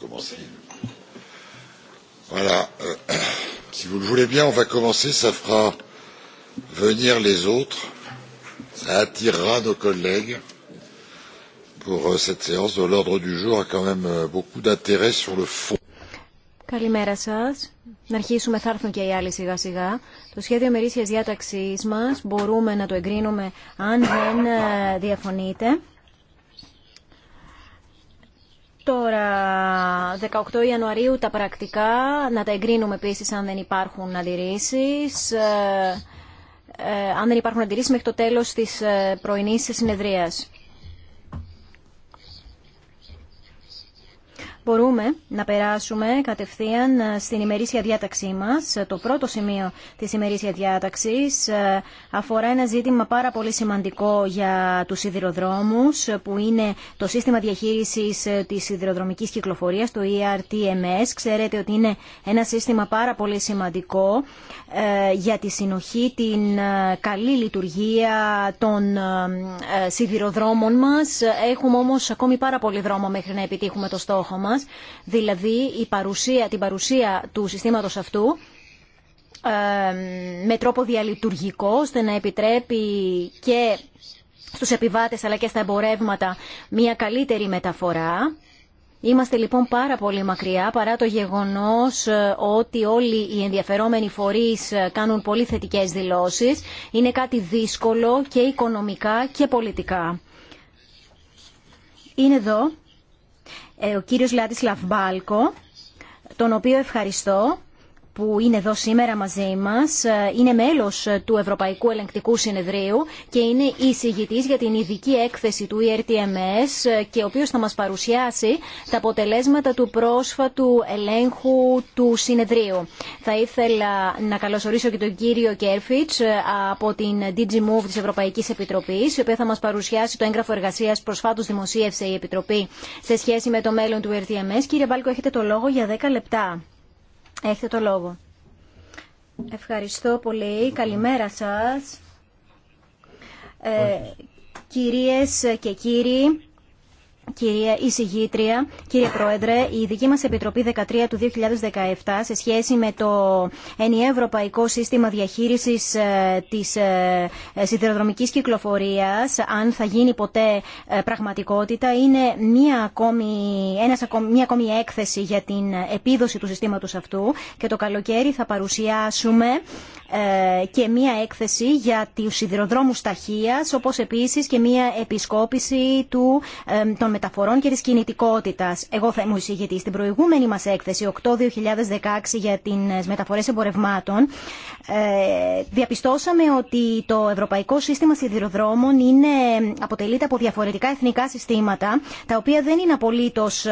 commencer. Voilà. Si vous le voulez bien, on va commencer. Ça fera venir les autres. Ça attirera nos collègues pour cette séance dont l'ordre du jour a quand même beaucoup d'intérêt sur le fond. Καλημέρα σα. Να αρχίσουμε, θα έρθουν και οι άλλοι σιγά σιγά. Το σχέδιο μερίσια διάταξη μα μπορούμε να το εγκρίνουμε αν δεν διαφωνείτε τώρα 18 Ιανουαρίου τα πρακτικά, να τα εγκρίνουμε επίση αν δεν υπάρχουν αντιρρήσει, ε, ε, αν δεν υπάρχουν αντιρρήσει μέχρι το τέλος της ε, πρωινή συνεδρία. μπορούμε να περάσουμε κατευθείαν ε, στην ημερήσια διάταξή μας. Το πρώτο σημείο της ημερήσια διάταξης ε, αφορά ένα ζήτημα πάρα πολύ σημαντικό για τους σιδηροδρόμους που είναι το σύστημα διαχείρισης ε, της σιδηροδρομικής κυκλοφορίας, το ERTMS. Ξέρετε ότι είναι ένα σύστημα πάρα πολύ σημαντικό για τη συνοχή, την καλή λειτουργία των σιδηροδρόμων μας. Έχουμε όμως ακόμη πάρα πολύ δρόμο μέχρι να επιτύχουμε το στόχο μας δηλαδή η παρουσία, την παρουσία του συστήματος αυτού ε, με τρόπο διαλειτουργικό ώστε να επιτρέπει και στους επιβάτες αλλά και στα εμπορεύματα μια καλύτερη μεταφορά. Είμαστε λοιπόν πάρα πολύ μακριά παρά το γεγονός ε, ότι όλοι οι ενδιαφερόμενοι φορείς ε, κάνουν πολύ θετικές δηλώσεις. Είναι κάτι δύσκολο και οικονομικά και πολιτικά. Είναι εδώ ε, ο κύριος Λάτισλαφ Μπάλκο, τον οποίο ευχαριστώ που είναι εδώ σήμερα μαζί μας ε, είναι μέλος του Ευρωπαϊκού Ελεγκτικού Συνεδρίου και είναι εισηγητής για την ειδική έκθεση του ERTMS ε, και ο οποίος θα μας παρουσιάσει τα αποτελέσματα του πρόσφατου ελέγχου του συνεδρίου. Θα ήθελα να καλωσορίσω και τον κύριο Κέρφιτς ε, από την DG Move της Ευρωπαϊκής Επιτροπής η οποία θα μας παρουσιάσει το έγγραφο εργασίας προσφάτως δημοσίευσε η Επιτροπή σε σχέση με το μέλλον του ERTMS. Κύριε Μπάλκο, έχετε το λόγο για 10 λεπτά. Έχετε το λόγο. Ευχαριστώ πολύ. Καλημέρα σας. Ε, κυρίες και κύριοι, Κυρία Εισηγήτρια, κύριε Πρόεδρε, η δική μας Επιτροπή 13 του 2017 σε σχέση με το ενιαίο ευρωπαϊκό σύστημα διαχείρισης ε, της ε, ε, σιδηροδρομικής κυκλοφορίας, αν θα γίνει ποτέ πραγματικότητα, είναι μία ακόμη, ένας, μία ακόμη έκθεση για την επίδοση του συστήματος αυτού και το καλοκαίρι θα παρουσιάσουμε ε, και μία έκθεση για τους σιδηροδρόμους ταχείας, όπως επίσης και μία επισκόπηση του, ε, των μεταφορών και της κινητικότητας. Εγώ θα ήμουν εισηγητή στην προηγούμενη μας έκθεση, 8-2016, για τις μεταφορές εμπορευμάτων. Ε, διαπιστώσαμε ότι το Ευρωπαϊκό Σύστημα Σιδηροδρόμων είναι, αποτελείται από διαφορετικά εθνικά συστήματα, τα οποία δεν είναι απολύτως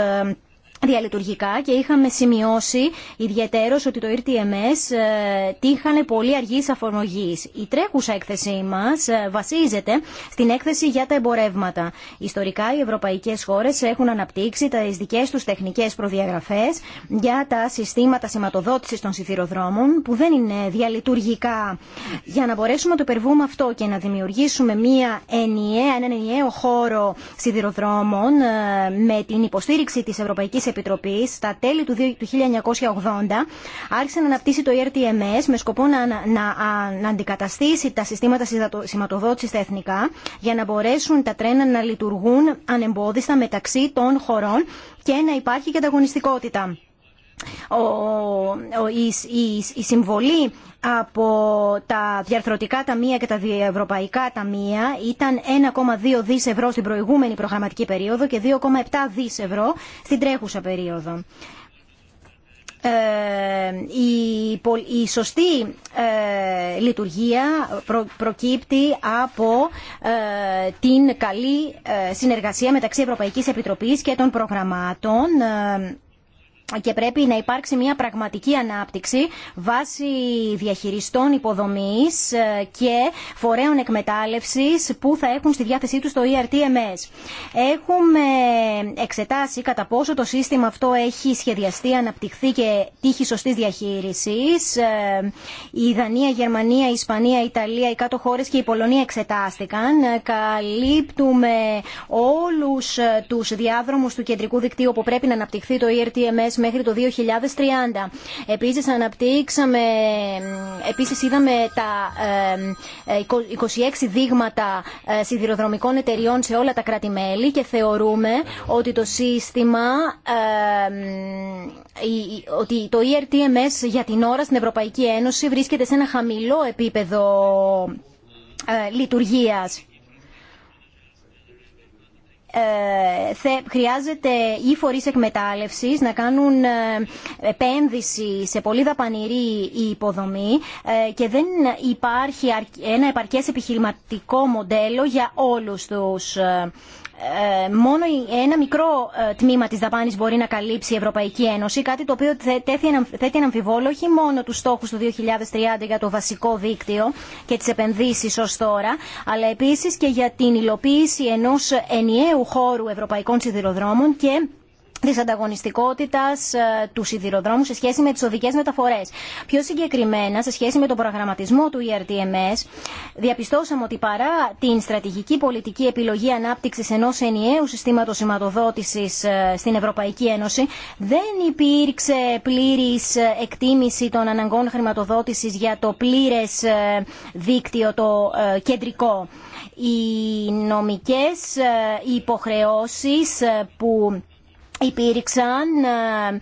διαλειτουργικά και είχαμε σημειώσει ιδιαίτερος ότι το ERTMS ε, τύχανε πολύ αργής αφορμογής. Η τρέχουσα έκθεσή μας ε, βασίζεται στην έκθεση για τα εμπορεύματα. Ιστορικά οι ευρωπαϊκές χώρες έχουν αναπτύξει τις δικές τους τεχνικές προδιαγραφές για τα συστήματα σηματοδότησης των σιδηροδρόμων που δεν είναι διαλειτουργικά. Για να μπορέσουμε να το υπερβούμε αυτό και να δημιουργήσουμε μια ενιαία, έναν ενιαίο χώρο σιδηροδρόμων ε, με την υποστήριξη της Ευρωπαϊκής Επιτροπή στα τέλη του 1980 άρχισε να αναπτύσσει το ERTMS με σκοπό να, να, να, αντικαταστήσει τα συστήματα σηματοδότηση στα εθνικά για να μπορέσουν τα τρένα να λειτουργούν ανεμπόδιστα μεταξύ των χωρών και να υπάρχει και ανταγωνιστικότητα η συμβολή από τα διαρθρωτικά ταμεία και τα διευρωπαϊκά ταμεία ήταν 1,2 δις ευρώ στην προηγούμενη προγραμματική περίοδο και 2,7 δις ευρώ στην τρέχουσα περίοδο. Ε, η σωστή ε, λειτουργία προκύπτει από ε, την καλή συνεργασία μεταξύ Ευρωπαϊκής Επιτροπής και των προγραμμάτων και πρέπει να υπάρξει μια πραγματική ανάπτυξη βάσει διαχειριστών υποδομής ε, και φορέων εκμετάλλευσης που θα έχουν στη διάθεσή τους το ERTMS. Έχουμε εξετάσει κατά πόσο το σύστημα αυτό έχει σχεδιαστεί, αναπτυχθεί και τύχει σωστής διαχείρισης. Ε, η Δανία, η Γερμανία, η Ισπανία, η Ιταλία, οι κάτω χώρες και η Πολωνία εξετάστηκαν. Ε, καλύπτουμε όλους τους διάδρομους του κεντρικού δικτύου που πρέπει να αναπτυχθεί το ERTMS μέχρι το 2030. Επίσης αναπτύξαμε, επίσης είδαμε τα 26 ε, δείγματα ε, σιδηροδρομικών εταιριών σε όλα τα κράτη-μέλη και θεωρούμε ότι το σύστημα, ότι το ERTMS για την ώρα στην Ευρωπαϊκή Ένωση βρίσκεται σε ένα χαμηλό επίπεδο ε, λειτουργίας. Ε, χρειάζεται οι φορείς εκμετάλλευσης να κάνουν ε, επένδυση σε πολύ δαπανηρή υποδομή ε, και δεν υπάρχει ένα επαρκές επιχειρηματικό μοντέλο για όλους τους ε, μόνο ένα μικρό ε, τμήμα της δαπάνης μπορεί να καλύψει η Ευρωπαϊκή Ένωση, κάτι το οποίο θέτει ένα αμφιβόλο όχι μόνο του στόχους του 2030 για το βασικό δίκτυο και τις επενδύσεις ως τώρα, αλλά επίσης και για την υλοποίηση ενός ενιαίου χώρου ευρωπαϊκών σιδηροδρόμων και Τη ανταγωνιστικότητα ε, του σιδηροδρόμου σε σχέση με τις οδικές μεταφορές. Πιο συγκεκριμένα, σε σχέση με τον προγραμματισμό του ERTMS, διαπιστώσαμε ότι παρά την στρατηγική πολιτική επιλογή ανάπτυξης ενός ενιαίου συστήματος σηματοδότηση ε, στην Ευρωπαϊκή Ένωση, δεν υπήρξε πλήρης ε, εκτίμηση των αναγκών χρηματοδότηση για το πλήρε δίκτυο το κεντρικό. Οι νομικέ υποχρεώσει που υπήρξαν ε,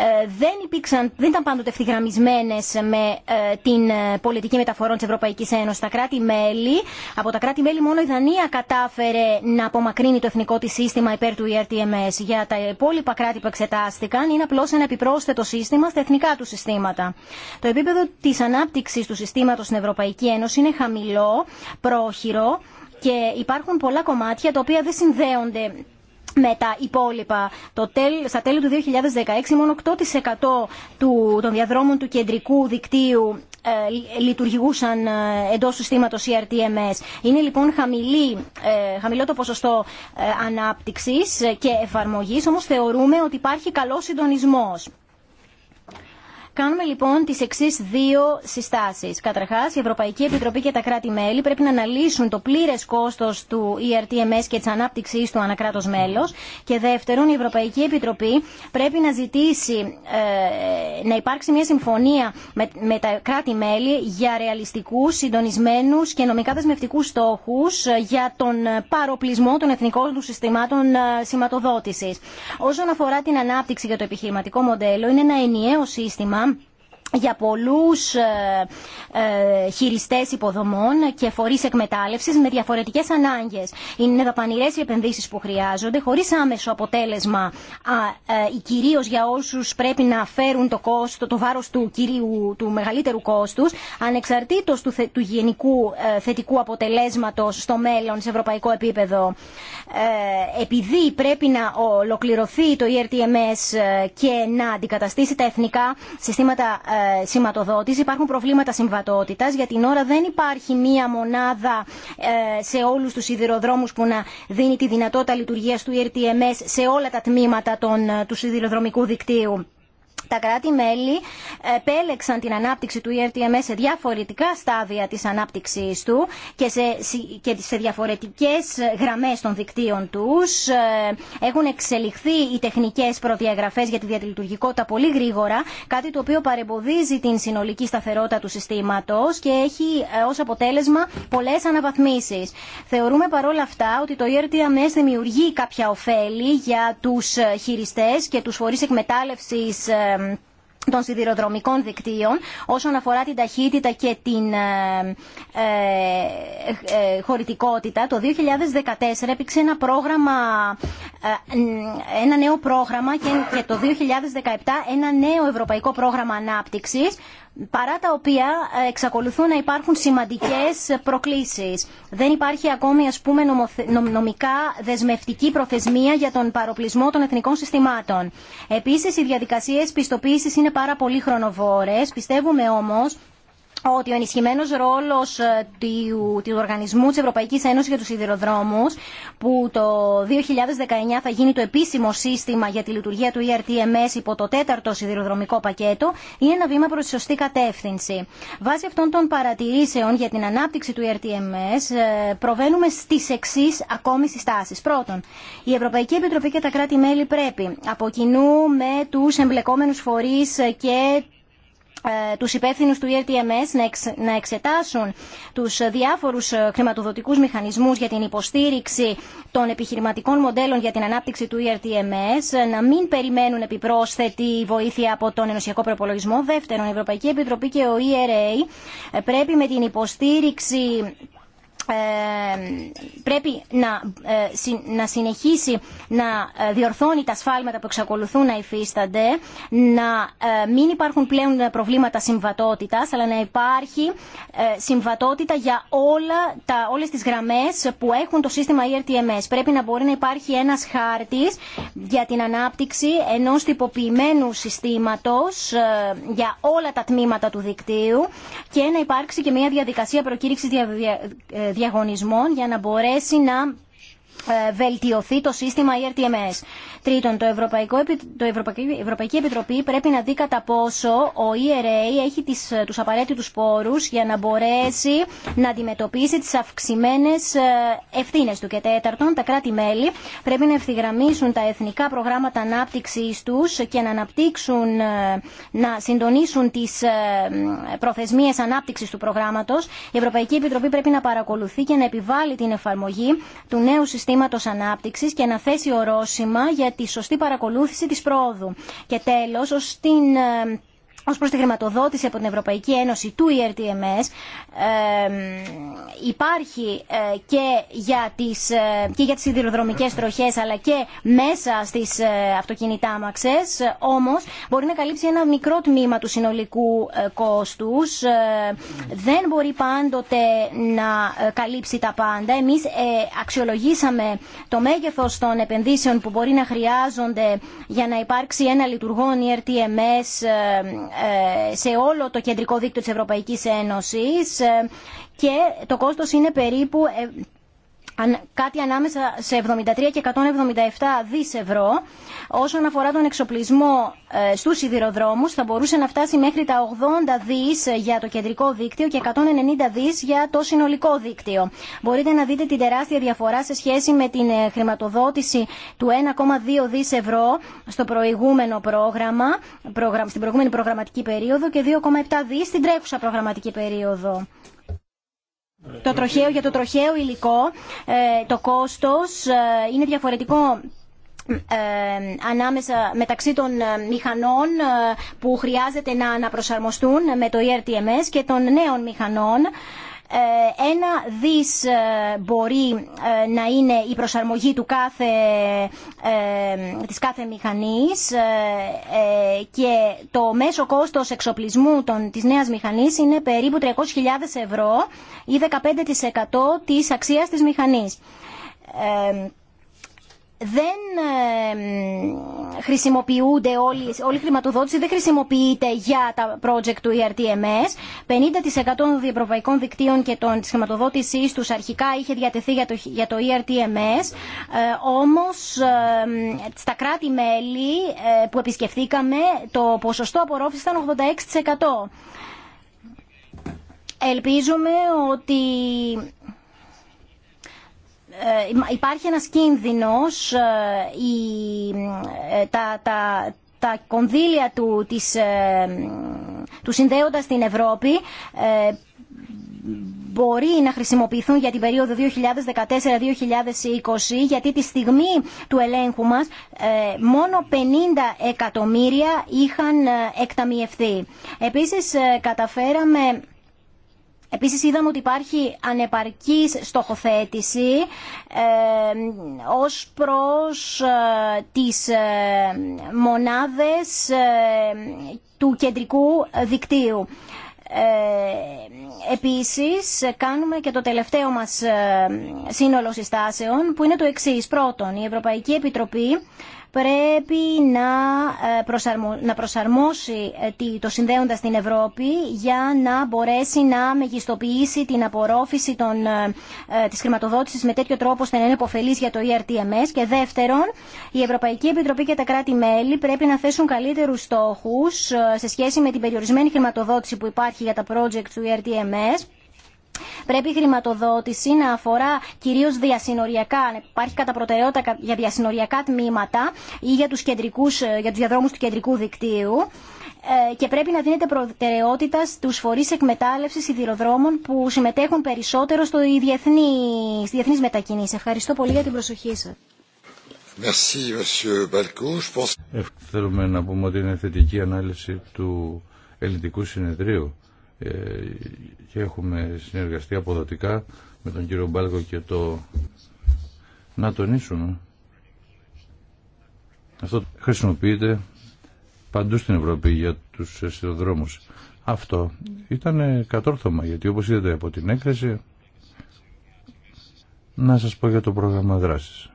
ε, δεν, υπήρξαν, δεν ήταν πάντοτε ευθυγραμμισμένε με ε, την πολιτική μεταφορών τη Ευρωπαϊκή Ένωση. Τα κράτη-μέλη, από τα κράτη-μέλη μόνο η Δανία κατάφερε να απομακρύνει το εθνικό τη σύστημα υπέρ του ERTMS. Για τα υπόλοιπα κράτη που εξετάστηκαν είναι απλώ ένα επιπρόσθετο σύστημα στα εθνικά του συστήματα. Το επίπεδο τη ανάπτυξη του συστήματο στην Ευρωπαϊκή Ένωση είναι χαμηλό, πρόχειρο και υπάρχουν πολλά κομμάτια τα οποία δεν συνδέονται με τα υπόλοιπα. Το στα τέλη του 2016 μόνο 8% του, των διαδρόμων του κεντρικού δικτύου ε, λειτουργούσαν ε, εντός του συστήματος ERTMS. Είναι λοιπόν χαμηλή, ε, χαμηλό το ποσοστό ε, ανάπτυξης και εφαρμογής, όμως θεωρούμε ότι υπάρχει καλός συντονισμός. Κάνουμε λοιπόν τι εξή δύο συστάσει. Καταρχά, η Ευρωπαϊκή Επιτροπή και τα κράτη-μέλη πρέπει να αναλύσουν το πλήρε κόστο του ERTMS και τη ανάπτυξή του ανακράτο μέλο. Και δεύτερον, η Ευρωπαϊκή Επιτροπή πρέπει να ζητήσει ε, να υπάρξει μια συμφωνία με, τα κράτη-μέλη για ρεαλιστικού, συντονισμένου και νομικά δεσμευτικού στόχου ε, για τον παροπλισμό των εθνικών του συστημάτων ε, σηματοδότηση. Όσον αφορά την ανάπτυξη για το επιχειρηματικό μοντέλο, είναι ένα ενιαίο σύστημα για πολλούς ε, ε, χειριστές υποδομών και φορείς εκμετάλλευσης με διαφορετικές ανάγκες. Είναι δαπανηρές οι επενδύσεις που χρειάζονται, χωρίς άμεσο αποτέλεσμα, ε, κυρίως για όσους πρέπει να φέρουν το, κόστο, το βάρος του, κυρίου, του μεγαλύτερου κόστους, ανεξαρτήτως του, του γενικού θετικού αποτελέσματος στο μέλλον, σε ευρωπαϊκό επίπεδο. Επειδή πρέπει να ολοκληρωθεί το ERTMS και να αντικαταστήσει τα εθνικά συστήματα ε, υπάρχουν προβλήματα συμβατότητα, Για την ώρα δεν υπάρχει μία μονάδα ε, σε όλους τους σιδηροδρόμους που να δίνει τη δυνατότητα λειτουργία του ERTMS σε όλα τα τμήματα ε, του σιδηροδρομικού δικτύου τα κράτη-μέλη επέλεξαν την ανάπτυξη του ERTMS σε διαφορετικά στάδια της ανάπτυξής του και σε, και σε διαφορετικές γραμμές των δικτύων τους. Έχουν εξελιχθεί οι τεχνικές προδιαγραφές για τη διατηλειτουργικότητα πολύ γρήγορα, κάτι το οποίο παρεμποδίζει την συνολική σταθερότητα του συστήματος και έχει ε, ως αποτέλεσμα πολλές αναβαθμίσεις. Θεωρούμε παρόλα αυτά ότι το ERTMS δημιουργεί κάποια ωφέλη για τους ε, χειριστές και τους φορείς εκμετάλλευσης ε, των σιδηροδρομικών δικτύων όσον αφορά την ταχύτητα και την ε, ε, ε χωρητικότητα. Το 2014 έπηξε ένα, πρόγραμμα, ε, ένα νέο πρόγραμμα και, και το 2017 ένα νέο ευρωπαϊκό πρόγραμμα ανάπτυξης παρά τα οποία ε, εξακολουθούν να υπάρχουν σημαντικές προκλήσεις. Δεν υπάρχει ακόμη ας πούμε, νομικά δεσμευτική προθεσμία για τον παροπλισμό των εθνικών συστημάτων. Επίσης, οι διαδικασίες πιστοποίησης είναι πάρα πολύ χρονοβόρες. Πιστεύουμε όμως ότι ο ενισχυμένο ρόλο ε, του, του Οργανισμού τη Ευρωπαϊκή Ένωση για του Σιδηροδρόμου, που το 2019 θα γίνει το επίσημο σύστημα για τη λειτουργία του ERTMS υπό το τέταρτο σιδηροδρομικό πακέτο, είναι ένα βήμα προ τη σωστή κατεύθυνση. Βάσει αυτών των παρατηρήσεων για την ανάπτυξη του ERTMS, ε, προβαίνουμε στι εξή ακόμη συστάσει. Πρώτον, η Ευρωπαϊκή Επιτροπή και τα κράτη-μέλη πρέπει από κοινού με του εμπλεκόμενου φορεί και ε, τους υπεύθυνους του ERTMS να εξετάσουν τους διάφορους ε, χρηματοδοτικούς μηχανισμούς για την υποστήριξη των επιχειρηματικών μοντέλων για την ανάπτυξη του ERTMS, ε, να μην περιμένουν επιπρόσθετη βοήθεια από τον Ενωσιακό Προπολογισμό. Δεύτερον, η Ευρωπαϊκή Επιτροπή και ο ERA πρέπει με την υποστήριξη ε, πρέπει ε, να συνεχίσει να ε, διορθώνει τα σφάλματα που εξακολουθούν να υφίστανται, να μην υπάρχουν πλέον προβλήματα συμβατότητας, αλλά να υπάρχει συμβατότητα για όλα τα, όλες τις γραμμές που έχουν το σύστημα ERTMS. Πρέπει να μπορεί να υπάρχει ένας χάρτης για την ανάπτυξη ενός τυποποιημένου συστήματος για όλα τα τμήματα του δικτύου και να υπάρξει και μια διαδικασία προκήρυξης διαγωνισμών για να μπορέσει να ε, βελτιωθεί το σύστημα ERTMS. Τρίτον, το Ευρωπαϊκό, το Ευρωπαϊκή, Επιτροπή πρέπει να δει κατά πόσο ο ERA έχει τις, ε, τους απαραίτητους πόρους για να μπορέσει να αντιμετωπίσει τις αυξημένες ε, ευθύνες του. Και τέταρτον, τα κράτη-μέλη πρέπει να ευθυγραμμίσουν τα εθνικά προγράμματα ανάπτυξή τους και να αναπτύξουν, να συντονίσουν τις προθεσμίες ανάπτυξης του προγράμματος. Η Ευρωπαϊκή Επιτροπή πρέπει να παρακολουθεί και να επιβάλλει την εφαρμογή του νέου συστήματος Ανάπτυξης και να θέσει ορόσημα για τη σωστή παρακολούθηση της πρόοδου. Και τέλος, ως την ε, ως προς τη χρηματοδότηση από την Ευρωπαϊκή Ένωση του ERTMS υπάρχει ε, και, για τις, ε, και για τις τροχές αλλά και μέσα στις ε, αυτοκινητάμαξες όμως μπορεί να καλύψει ένα μικρό τμήμα του συνολικού ε, κόστους ε, δεν μπορεί πάντοτε να καλύψει τα πάντα εμείς αξιολογήσαμε το μέγεθος των επενδύσεων που μπορεί να χρειάζονται για να υπάρξει ένα λειτουργόν ERTMS ε, σε όλο το κεντρικό δίκτυο της Ευρωπαϊκής Ένωσης ε, και το κόστος είναι περίπου ε, κάτι ανάμεσα σε 73 και 177 δις ευρώ όσον αφορά τον εξοπλισμό ε, στους σιδηροδρόμους θα μπορούσε να φτάσει μέχρι τα 80 δις για το κεντρικό δίκτυο και 190 δις για το συνολικό δίκτυο. Μπορείτε να δείτε την τεράστια διαφορά σε σχέση με την ε, χρηματοδότηση του 1,2 δις ευρώ στο προηγούμενο πρόγραμμα, στην προηγούμενη προγραμματική περίοδο και 2,7 δις στην τρέχουσα προγραμματική περίοδο το τροχαίο, για το τροχαίο υλικό ε, το κόστος ε, είναι διαφορετικό ε, ανάμεσα μεταξύ των μηχανών που χρειάζεται να αναπροσαρμοστούν με το ERTMS και των νέων μηχανών ε, ένα δις ε, μπορεί ε, να είναι η προσαρμογή του κάθε, της κάθε μηχανής και το μέσο κόστος εξοπλισμού των, της νέας μηχανής είναι περίπου 300.000 ευρώ ή 15% της αξίας της μηχανής δεν χρησιμοποιούνται όλοι, όλη η χρηματοδότηση δεν χρησιμοποιείται για τα project του ERTMS. 50% των διευρωπαϊκών δικτύων και των, της χρηματοδότησής τους αρχικά είχε διατεθεί για το, για το ERTMS, ε, όμως στα κράτη-μέλη ε, που επισκεφθήκαμε το ποσοστό απορρόφησης ήταν 86%. Ελπίζουμε ότι ε, υπάρχει ένας κίνδυνος ε, η, ε, τα, τα, τα κονδύλια του, της, του συνδέοντας την Ευρώπη μπορεί να χρησιμοποιηθούν για την περίοδο 2014-2020 γιατί τη στιγμή του ελέγχου μας μόνο 50 εκατομμύρια είχαν εκταμιευθεί. Επίσης καταφέραμε Επίσης είδαμε ότι υπάρχει ανεπαρκής στοχοθέτηση ε, ως προς ε, τις ε, μονάδες ε, του κεντρικού δικτύου. Ε, επίσης κάνουμε και το τελευταίο μας σύνολο συστάσεων που είναι το εξής. Πρώτον, η Ευρωπαϊκή Επιτροπή πρέπει να, ε, προσαρμόσει ε, το συνδέοντα στην Ευρώπη για να μπορέσει να μεγιστοποιήσει την απορρόφηση των... Ε, της χρηματοδότησης με τέτοιο τρόπο ώστε να είναι υποφελής για το ERTMS και δεύτερον η Ευρωπαϊκή Επιτροπή και τα κράτη-μέλη πρέπει να θέσουν καλύτερους στόχους σε σχέση με την περιορισμένη χρηματοδότηση που υπάρχει για τα project του ERTMS Πρέπει η χρηματοδότηση να αφορά κυρίω διασυνοριακά, αν υπάρχει κατά προτεραιότητα για διασυνοριακά τμήματα ή για του ε, τους διαδρόμους του κεντρικού δικτύου ε, και πρέπει να δίνεται προτεραιότητα στους φορεί εκμετάλλευση σιδηροδρόμων που συμμετέχουν περισσότερο στο διεθνή, στις Ευχαριστώ πολύ για την προσοχή σας. Ευχαριστούμε να πούμε ότι είναι θετική ανάλυση του ελληνικού συνεδρίου ε, και έχουμε συνεργαστεί αποδοτικά με τον κύριο Μπάλκο και το να τονίσουμε αυτό χρησιμοποιείται παντού στην Ευρώπη για τους αισθητοδρόμους Αυτό ήταν κατόρθωμα γιατί όπως είδατε από την έκθεση να σας πω για το πρόγραμμα δράσης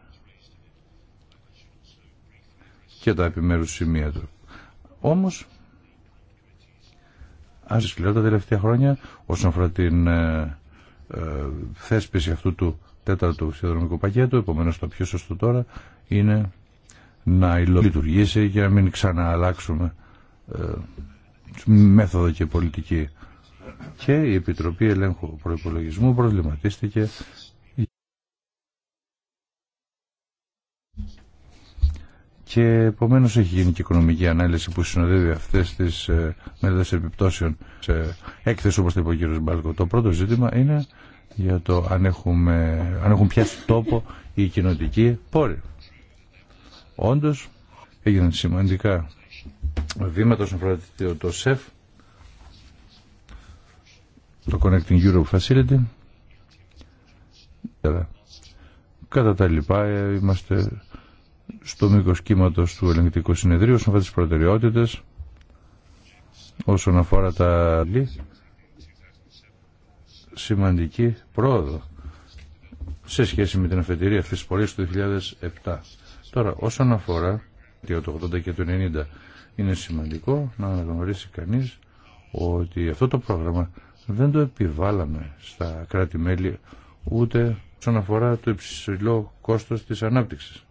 και τα επιμέρους σημεία του. Όμως Άζει σκληρό τα τελευταία χρόνια όσον αφορά την ε, ε θέσπιση αυτού του τέταρτου ψηφοδρομικού πακέτου. Επομένω, το πιο σωστό τώρα είναι να λειτουργήσει για να μην ξανααλλάξουμε ε, μέθοδο και πολιτική. Και η Επιτροπή Ελέγχου Προπολογισμού προβληματίστηκε και επομένω έχει γίνει και οικονομική ανάλυση που συνοδεύει αυτές τις ε, επιπτώσεων σε έκθεση όπως το είπε ο κ. Μπάλκο. Το πρώτο ζήτημα είναι για το αν, έχουμε, αν έχουν πιάσει τόπο οι κοινοτικοί πόροι. Όντω, έγιναν σημαντικά βήματα όσον αφορά το ΣΕΦ, το Connecting Europe Facility. Κατά τα λοιπά ε, είμαστε στο μήκο κύματο του ελεγκτικού συνεδρίου όσον αφορά τι προτεραιότητε, όσον αφορά τα σημαντική πρόοδο σε σχέση με την αφετηρία αυτή της πορεία του 2007. Τώρα όσον αφορά το 80 και το 90 είναι σημαντικό να αναγνωρίσει κανείς ότι αυτό το πρόγραμμα δεν το επιβάλαμε στα κράτη-μέλη ούτε όσον αφορά το υψηλό κόστος της ανάπτυξης.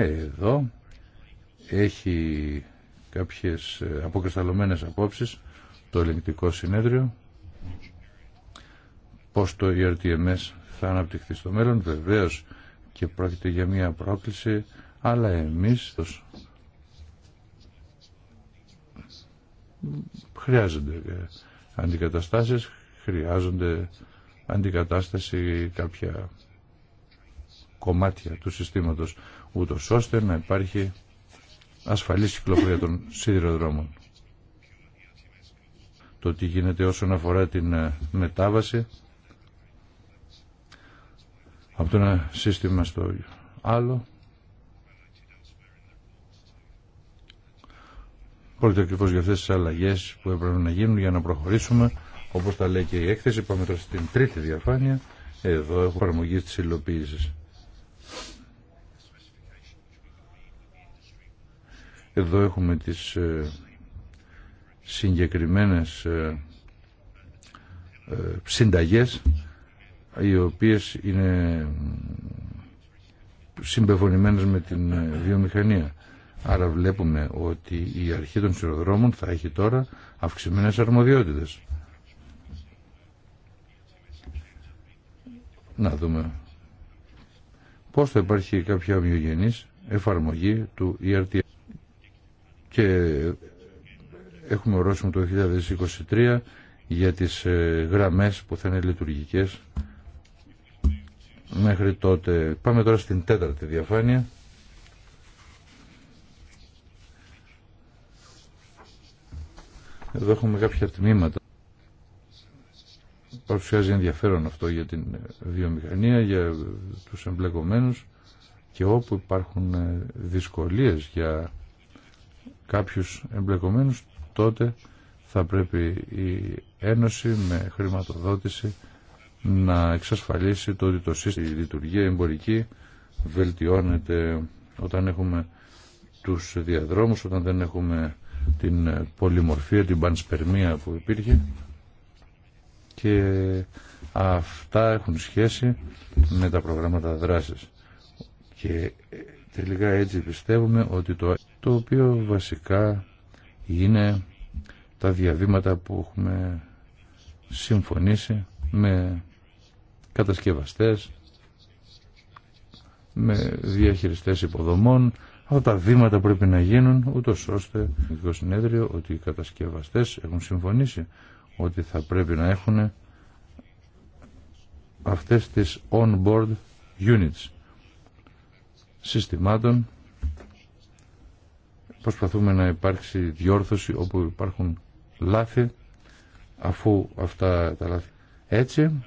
Εδώ έχει κάποιες ε, αποκρισταλωμένες απόψεις το ελεγκτικό συνέδριο πώς το ERTMS θα αναπτυχθεί στο μέλλον βεβαίως και πρόκειται για μια πρόκληση αλλά εμείς χρειάζονται ε, αντικαταστάσεις χρειάζονται αντικατάσταση κάποια κομμάτια του συστήματος, ούτω ώστε να υπάρχει ασφαλής κυκλοφορία των σιδηροδρόμων. Το τι γίνεται όσον αφορά την ε, μετάβαση από το ένα σύστημα στο άλλο. Πρόκειται ακριβώ για αυτέ τι αλλαγέ που έπρεπε να γίνουν για να προχωρήσουμε. Όπω τα λέει και η έκθεση, πάμε τώρα στην τρίτη διαφάνεια. Εδώ έχω εφαρμογή τη υλοποίηση. Εδώ έχουμε τις ε, συγκεκριμένες ε, ε, συνταγές οι οποίες είναι συμπεφωνημένες με την βιομηχανία. Άρα βλέπουμε ότι η αρχή των σειροδρόμων θα έχει τώρα αυξημένες αρμοδιότητες. Να δούμε πώς θα υπάρχει κάποια ομοιογενής εφαρμογή του ERT και έχουμε ορόσημο το 2023 για τις ε, γραμμές που θα είναι λειτουργικές μέχρι τότε. Πάμε τώρα στην τέταρτη διαφάνεια. Εδώ έχουμε κάποια τμήματα. Παρουσιάζει ενδιαφέρον αυτό για την ε, βιομηχανία, για τους εμπλεκομένους και όπου υπάρχουν ε, δυσκολίες για κάποιους εμπλεκομένους, τότε θα πρέπει η Ένωση με χρηματοδότηση να εξασφαλίσει το ότι το σύστημα, η λειτουργία εμπορική βελτιώνεται όταν έχουμε τους διαδρόμους, όταν δεν έχουμε την πολυμορφία, την πανσπερμία που υπήρχε και αυτά έχουν σχέση με τα προγράμματα δράσης. Και τελικά έτσι πιστεύουμε ότι το το οποίο βασικά είναι τα διαβήματα που έχουμε συμφωνήσει με κατασκευαστές, με διαχειριστές υποδομών. Αυτά τα βήματα πρέπει να γίνουν ούτω ώστε το συνέδριο ότι οι κατασκευαστές έχουν συμφωνήσει ότι θα πρέπει να έχουν αυτές τις on-board units συστημάτων προσπαθούμε να υπάρξει διόρθωση όπου υπάρχουν λάθη αφού αυτά τα λάθη. Έτσι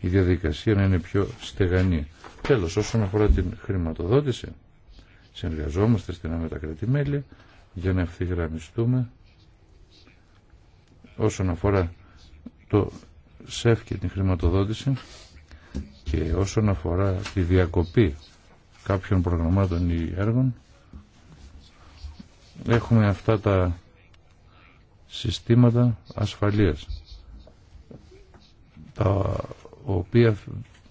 η διαδικασία να είναι πιο στεγανή. Τέλος, όσον αφορά την χρηματοδότηση, συνεργαζόμαστε στην με τα για να ευθυγραμμιστούμε όσον αφορά το ΣΕΦ και την χρηματοδότηση και όσον αφορά τη διακοπή κάποιων προγραμμάτων ή έργων έχουμε αυτά τα συστήματα ασφαλείας τα οποία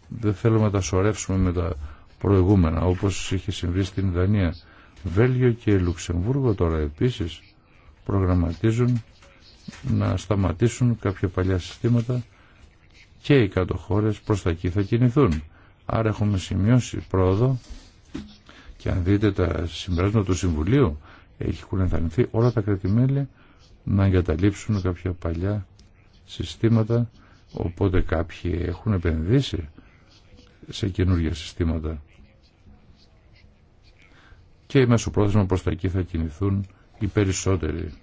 δεν θέλουμε να τα σωρεύσουμε με τα προηγούμενα όπως είχε συμβεί στην Δανία Βέλγιο και Λουξεμβούργο τώρα επίσης προγραμματίζουν να σταματήσουν κάποια παλιά συστήματα και οι κάτω χώρες προς τα εκεί θα κινηθούν άρα έχουμε σημειώσει πρόοδο και αν δείτε τα συμπράσματα του Συμβουλίου έχουν ενθαρρυνθεί όλα τα κρατημέλη να εγκαταλείψουν κάποια παλιά συστήματα οπότε κάποιοι έχουν επενδύσει σε καινούργια συστήματα και μέσω πρόθεσμα προς τα εκεί θα κινηθούν οι περισσότεροι.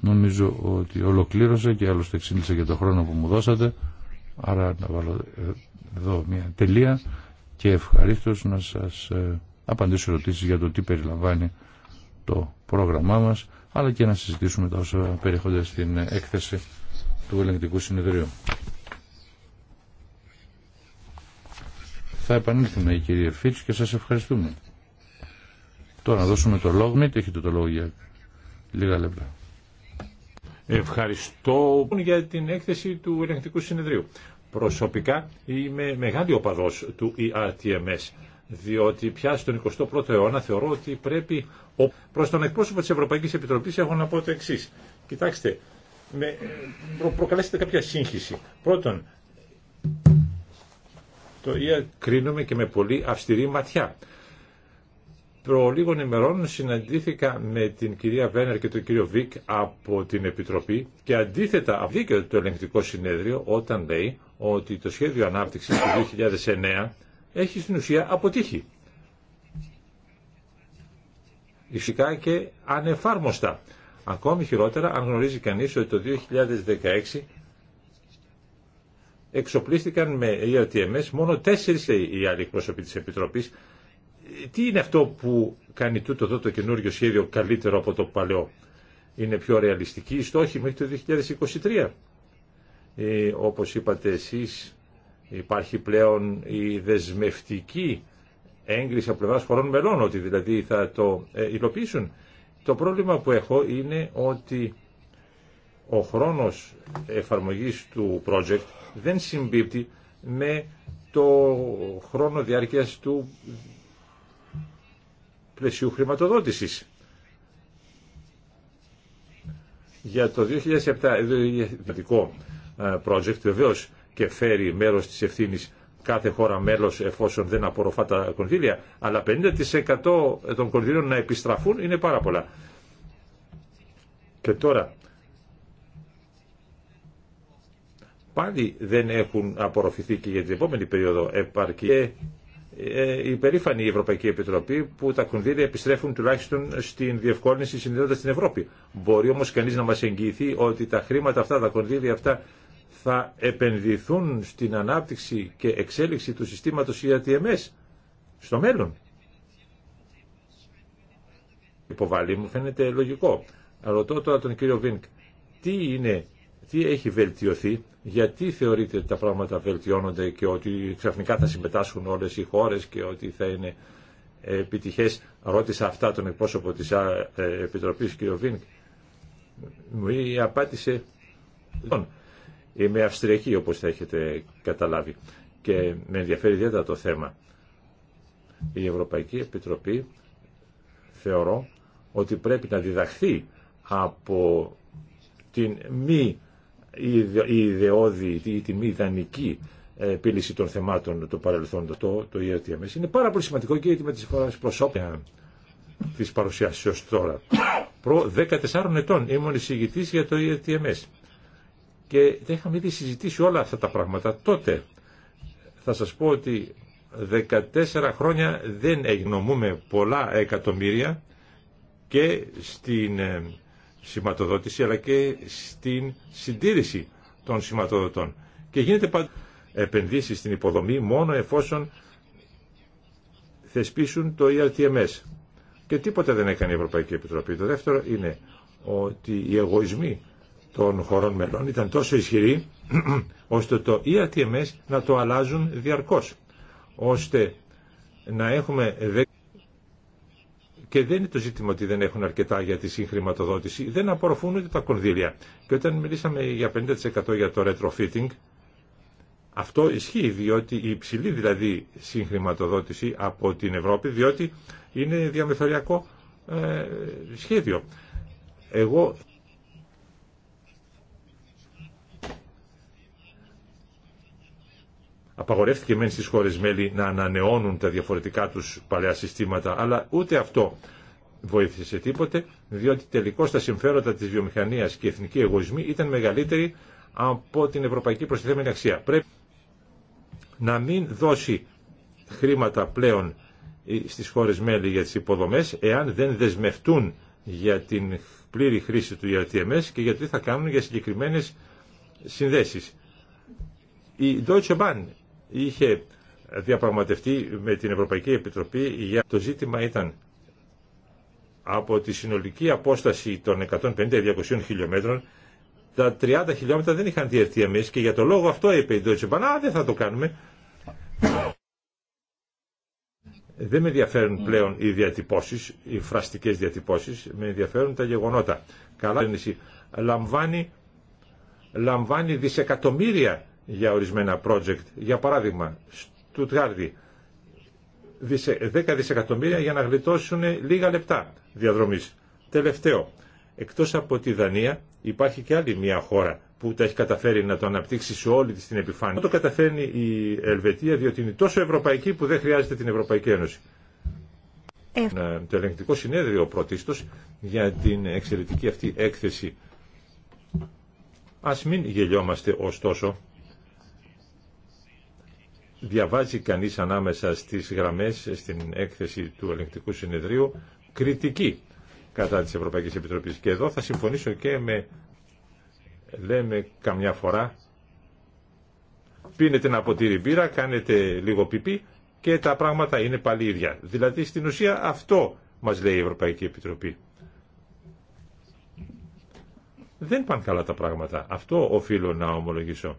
Νομίζω ότι ολοκλήρωσε και άλλωστε εξήγησε για το χρόνο που μου δώσατε άρα να βάλω ε, εδώ μια τελεία και ευχαριστώ να σας ε, απαντήσω ερωτήσεις για το τι περιλαμβάνει το πρόγραμμά μας αλλά και να συζητήσουμε τα όσα περιέχονται στην έκθεση του ελεγκτικού συνεδρίου. Θα επανήλθουμε η κυρία Φίτς και σας ευχαριστούμε. Τώρα να δώσουμε το λόγο. Μην έχετε το λόγο για λίγα λεπτά. Ευχαριστώ για την έκθεση του ελεγκτικού συνεδρίου. Προσωπικά είμαι μεγάλη οπαδός του ERTMS, διότι πια στον 21ο αιώνα θεωρώ ότι πρέπει... Προς τον εκπρόσωπο της Ευρωπαϊκής Επιτροπής έχω να πω το εξή. Κοιτάξτε, με... προ... προκαλέσετε κάποια σύγχυση. Πρώτον, το ERTMS κρίνουμε και με πολύ αυστηρή ματιά. Προ λίγων ημερών συναντήθηκα με την κυρία Βένερ και τον κύριο Βίκ από την Επιτροπή και αντίθετα αυγήκε το ελεγκτικό συνέδριο όταν λέει ότι το σχέδιο ανάπτυξης του 2009 έχει στην ουσία αποτύχει. Φυσικά και ανεφάρμοστα. Ακόμη χειρότερα αν γνωρίζει κανείς ότι το 2016 εξοπλίστηκαν με ERTMS μόνο τέσσερις οι άλλοι εκπρόσωποι της Επιτροπής τι είναι αυτό που κάνει τούτο εδώ το καινούριο σχέδιο καλύτερο από το παλαιό. Είναι πιο ρεαλιστική η στόχη μέχρι το 2023. Ε, όπως είπατε εσείς, υπάρχει πλέον η δεσμευτική έγκριση από πλευράς χωρών μελών, ότι δηλαδή θα το ε, υλοποιήσουν. Το πρόβλημα που έχω είναι ότι ο χρόνος εφαρμογής του project δεν συμπίπτει με το χρόνο διάρκειας του πλαισιού χρηματοδότησης. Για το 2007 ε, ε, project βεβαίω και φέρει μέρος της ευθύνης κάθε χώρα μέλος εφόσον δεν απορροφά τα κονδύλια, αλλά 50% των κονδύλων να επιστραφούν είναι πάρα πολλά. Και τώρα, πάλι δεν έχουν απορροφηθεί και για την επόμενη περίοδο επαρκή ε, ε, η περήφανη Ευρωπαϊκή Επιτροπή που τα κονδύλια επιστρέφουν τουλάχιστον στην διευκόλυνση συνδέοντα την Ευρώπη. Μπορεί όμω κανεί να μα εγγυηθεί ότι τα χρήματα αυτά, τα κονδύλια αυτά θα επενδυθούν στην ανάπτυξη και εξέλιξη του συστήματος ERTMS στο μέλλον. Υποβάλλει μου φαίνεται λογικό. Ρωτώ τώρα τον κύριο Βίνκ, τι είναι τι έχει βελτιωθεί, γιατί θεωρείτε ότι τα πράγματα βελτιώνονται και ότι ξαφνικά θα συμμετάσχουν όλες οι χώρες και ότι θα είναι επιτυχές. Ρώτησα αυτά τον εκπρόσωπο της ε, Επιτροπής, κ. Βίνκ. Μου απάντησε, «Λοιπόν, είμαι αυστριακή όπως θα έχετε καταλάβει και με ενδιαφέρει ιδιαίτερα το θέμα. Η Ευρωπαϊκή Επιτροπή θεωρώ ότι πρέπει να διδαχθεί από την μη η ιδεώδη ή τιμή μη ιδανική ε, επίλυση των θεμάτων του παρελθόντο, το, το ERTMS. Είναι πάρα πολύ σημαντικό και γιατί με τις συμφορά προσώπια τη παρουσιάσεω τώρα. Προ 14 ετών ήμουν εισηγητή για το ERTMS. Και τα είχαμε ήδη συζητήσει όλα αυτά τα πράγματα τότε. Θα σας πω ότι 14 χρόνια δεν εγγνωμούμε πολλά εκατομμύρια και στην ε, σηματοδότηση αλλά και στην συντήρηση των σηματοδοτών. Και γίνεται πάντα επενδύσει στην υποδομή μόνο εφόσον θεσπίσουν το ERTMS. Και τίποτα δεν έκανε η Ευρωπαϊκή Επιτροπή. Το δεύτερο είναι ότι οι εγωισμοί των χωρών μελών ήταν τόσο ισχυροί ώστε το ERTMS να το αλλάζουν διαρκώς. Ώστε να έχουμε και δεν είναι το ζήτημα ότι δεν έχουν αρκετά για τη συγχρηματοδότηση, δεν απορροφούν ούτε τα κονδύλια. Και όταν μιλήσαμε για 50% για το retrofitting, αυτό ισχύει διότι η υψηλή δηλαδή συγχρηματοδότηση από την Ευρώπη, διότι είναι διαμεθοριακό ε, σχέδιο. Εγώ Απαγορεύτηκε μεν στις χώρες μέλη να ανανεώνουν τα διαφορετικά τους παλαιά συστήματα, αλλά ούτε αυτό βοήθησε τίποτε, διότι τελικώ τα συμφέροντα της βιομηχανίας και εθνική εγωισμή ήταν μεγαλύτερη από την ευρωπαϊκή προστιθέμενη αξία. Πρέπει να μην δώσει χρήματα πλέον στις χώρες μέλη για τις υποδομές, εάν δεν δεσμευτούν για την πλήρη χρήση του ERTMS και γιατί θα κάνουν για συγκεκριμένες συνδέσεις. Η Deutsche είχε διαπραγματευτεί με την Ευρωπαϊκή Επιτροπή για το ζήτημα ήταν από τη συνολική απόσταση των 150-200 χιλιόμετρων τα 30 χιλιόμετρα δεν είχαν διερθεί εμεί και για το λόγο αυτό είπε η Deutsche Bahn, α, δεν θα το κάνουμε. Δεν με ενδιαφέρουν πλέον οι διατυπώσεις, οι φραστικές διατυπώσεις, με ενδιαφέρουν τα γεγονότα. Καλά, λαμβάνει, λαμβάνει δισεκατομμύρια για ορισμένα project. Για παράδειγμα, Στουτγάρδη, 10 δισεκατομμύρια για να γλιτώσουν λίγα λεπτά διαδρομής. Τελευταίο, εκτός από τη Δανία υπάρχει και άλλη μια χώρα που τα έχει καταφέρει να το αναπτύξει σε όλη την επιφάνεια. Το καταφέρνει η Ελβετία διότι είναι τόσο ευρωπαϊκή που δεν χρειάζεται την Ευρωπαϊκή Ένωση. Ε. Το ελεγκτικό συνέδριο πρωτίστως για την εξαιρετική αυτή έκθεση. Ας μην γελιόμαστε ωστόσο διαβάζει κανείς ανάμεσα στις γραμμές στην έκθεση του ελεγκτικού συνεδρίου κριτική κατά της Ευρωπαϊκής Επιτροπής. Και εδώ θα συμφωνήσω και με, λέμε καμιά φορά, πίνετε ένα ποτήρι μπύρα, κάνετε λίγο πιπί και τα πράγματα είναι πάλι ίδια. Δηλαδή στην ουσία αυτό μας λέει η Ευρωπαϊκή Επιτροπή. Δεν πάνε καλά τα πράγματα. Αυτό οφείλω να ομολογήσω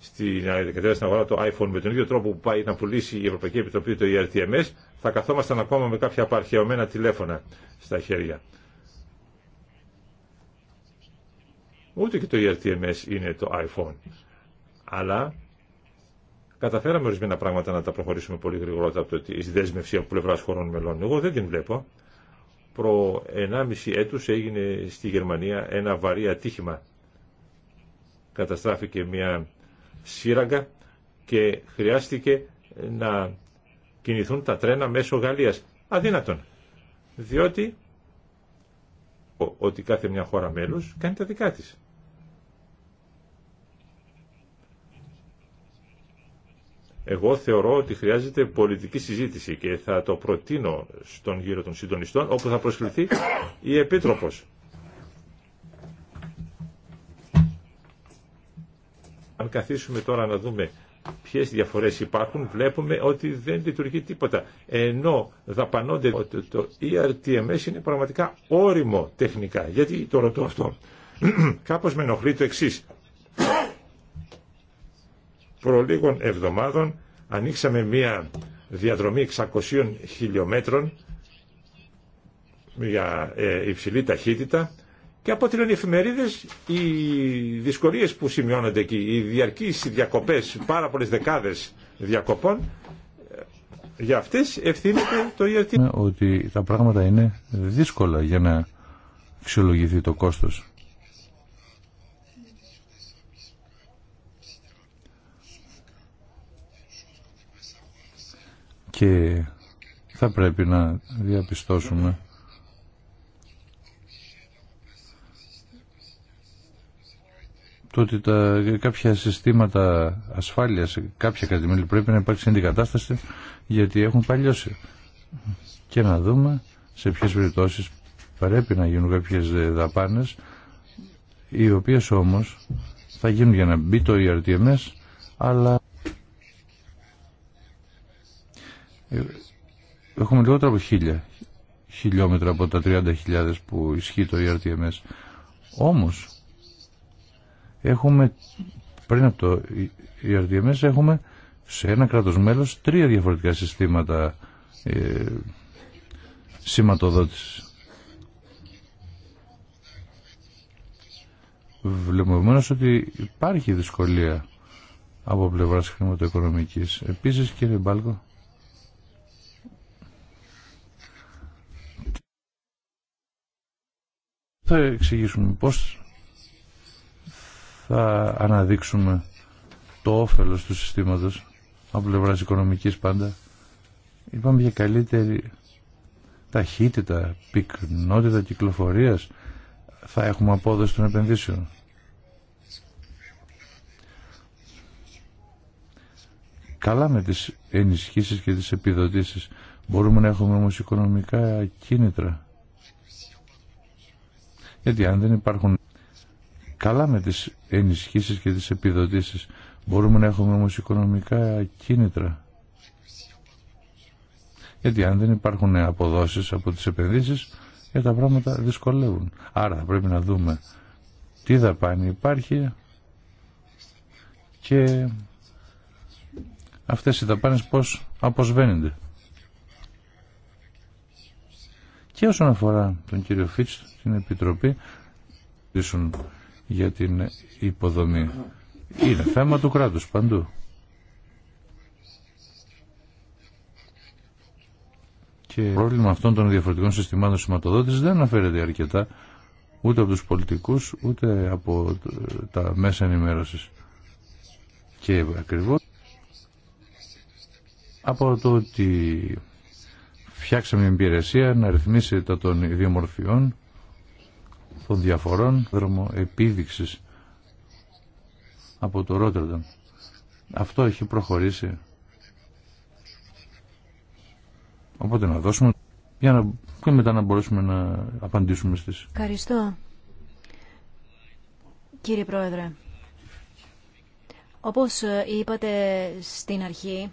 στην ε, στην αγορά το iPhone με τον ίδιο τρόπο που πάει να πουλήσει η Ευρωπαϊκή Επιτροπή το ERTMS, θα καθόμασταν ακόμα με κάποια απαρχαιωμένα τηλέφωνα στα χέρια. Ούτε και το ERTMS είναι το iPhone. Αλλά καταφέραμε ορισμένα πράγματα να τα προχωρήσουμε πολύ γρηγορότερα από τη δέσμευση από πλευρά χωρών μελών. Εγώ δεν την βλέπω. Προ 1,5 έτους έγινε στη Γερμανία ένα βαρύ ατύχημα. Καταστράφηκε μια σύραγγα και χρειάστηκε να κινηθούν τα τρένα μέσω Γαλλίας. Αδύνατον. Διότι ότι κάθε μια χώρα μέλους κάνει τα δικά της. Εγώ θεωρώ ότι χρειάζεται πολιτική συζήτηση και θα το προτείνω στον γύρο των συντονιστών όπου θα προσκληθεί η Επίτροπος. Αν καθίσουμε τώρα να δούμε ποιες διαφορές υπάρχουν, βλέπουμε ότι δεν λειτουργεί τίποτα. Ενώ δαπανώνται ότι το ERTMS είναι πραγματικά όριμο τεχνικά. Γιατί το ρωτώ αυτό. Κάπως με ενοχλεί το εξής. Προ εβδομάδων ανοίξαμε μία διαδρομή 600 χιλιόμετρων για ε, υψηλή ταχύτητα και από ό,τι λένε οι εφημερίδε, οι δυσκολίε που σημειώνονται εκεί, οι διαρκεί διακοπέ, πάρα πολλέ δεκάδε διακοπών, για αυτέ ευθύνεται το ΙΕΤ. Ναι, ότι τα πράγματα είναι δύσκολα για να αξιολογηθεί το κόστο. Και θα πρέπει να διαπιστώσουμε το ότι τα, κάποια συστήματα ασφάλειας, κάποια κατημέλη πρέπει να υπάρξει αντικατάσταση γιατί έχουν παλιώσει. Και να δούμε σε ποιες περιπτώσεις πρέπει να γίνουν κάποιες δαπάνες οι οποίες όμως θα γίνουν για να μπει το ERTMS αλλά έχουμε λιγότερο από χίλια χιλιόμετρα από τα 30.000 που ισχύει το ERTMS όμως έχουμε πριν από το ERDMS έχουμε σε ένα κράτος μέλος τρία διαφορετικά συστήματα ε, σηματοδότησης. Βλέπουμε ότι υπάρχει δυσκολία από πλευράς χρηματοοικονομικής. Επίσης κύριε Μπάλκο, θα εξηγήσουμε πώς θα αναδείξουμε το όφελος του συστήματος από πλευρά οικονομικής πάντα. Είπαμε για καλύτερη ταχύτητα, πυκνότητα κυκλοφορίας θα έχουμε απόδοση των επενδύσεων. Καλά με τις ενισχύσεις και τις επιδοτήσεις. Μπορούμε να έχουμε όμως οικονομικά κίνητρα. Γιατί αν δεν υπάρχουν καλά με τις ενισχύσεις και τις επιδοτήσεις. Μπορούμε να έχουμε όμως οικονομικά κίνητρα. Γιατί αν δεν υπάρχουν αποδόσεις από τις επενδύσεις, για ε, τα πράγματα δυσκολεύουν. Άρα θα πρέπει να δούμε τι δαπάνη υπάρχει και αυτές οι δαπάνες πώς αποσβαίνονται. Και όσον αφορά τον κύριο Φίτς, την Επιτροπή, για την υποδομή. Είναι θέμα του κράτους παντού. Και το πρόβλημα αυτών των διαφορετικών συστημάτων σηματοδότησης δεν αναφέρεται αρκετά ούτε από τους πολιτικούς ούτε από τα μέσα ενημέρωσης. Και ακριβώς από το ότι φτιάξαμε μια υπηρεσία να ρυθμίσει τα των ιδιομορφιών των διαφορών δρόμο επίδειξης από το Ρότερνταμ. Αυτό έχει προχωρήσει. Οπότε να δώσουμε για να, και μετά να μπορέσουμε να απαντήσουμε στις... Ευχαριστώ. Κύριε Πρόεδρε, όπως είπατε στην αρχή,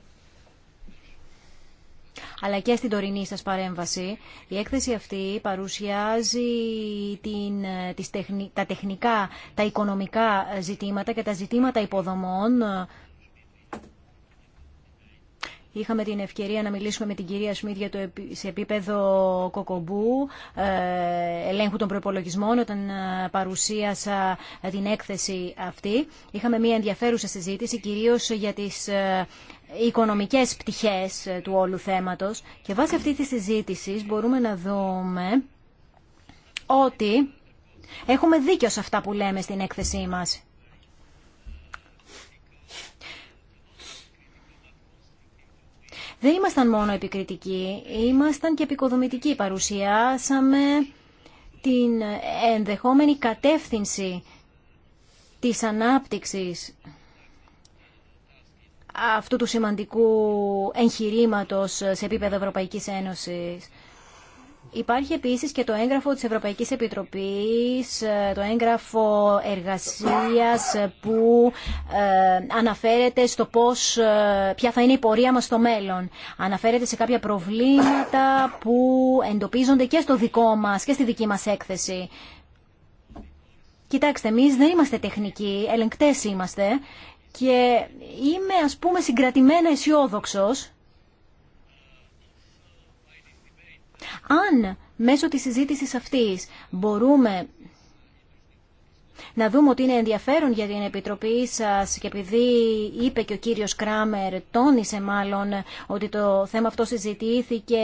αλλά και στην τωρινή σας παρέμβαση. Η έκθεση αυτή παρουσιάζει την, τις τα τεχνικά, τα οικονομικά ζητήματα και τα ζητήματα υποδομών Είχαμε την ευκαιρία να μιλήσουμε με την κυρία Σμίτ για το σε επίπεδο κοκομπού, ε, ελέγχου των προπολογισμών, όταν ε, παρουσίασα την έκθεση αυτή. Είχαμε μια ενδιαφέρουσα συζήτηση, κυρίως για τις ε, οικονομικές πτυχές ε, του όλου θέματος και βάσει αυτή τη συζήτηση μπορούμε να δούμε ότι έχουμε δίκιο σε αυτά που λέμε στην έκθεσή μας. Δεν ήμασταν μόνο επικριτικοί, ήμασταν και επικοδομητικοί. Παρουσιάσαμε την ενδεχόμενη κατεύθυνση της ανάπτυξης αυτού του σημαντικού εγχειρήματος σε επίπεδο Ευρωπαϊκής Ένωσης. Υπάρχει επίσης και το έγγραφο της Ευρωπαϊκής Επιτροπής, ε, το έγγραφο εργασίας που ε, αναφέρεται στο πώς, ε, ποια θα είναι η πορεία μας στο μέλλον. Αναφέρεται σε κάποια προβλήματα που εντοπίζονται και στο δικό μας και στη δική μας έκθεση. Κοιτάξτε, εμεί δεν είμαστε τεχνικοί, ελεγκτές είμαστε και είμαι ας πούμε συγκρατημένα αισιόδοξο. Αν μέσω της συζήτησης αυτής μπορούμε να δούμε ότι είναι ενδιαφέρον για την Επιτροπή σας και επειδή είπε και ο κύριος Κράμερ, τόνισε μάλλον ότι το θέμα αυτό συζητήθηκε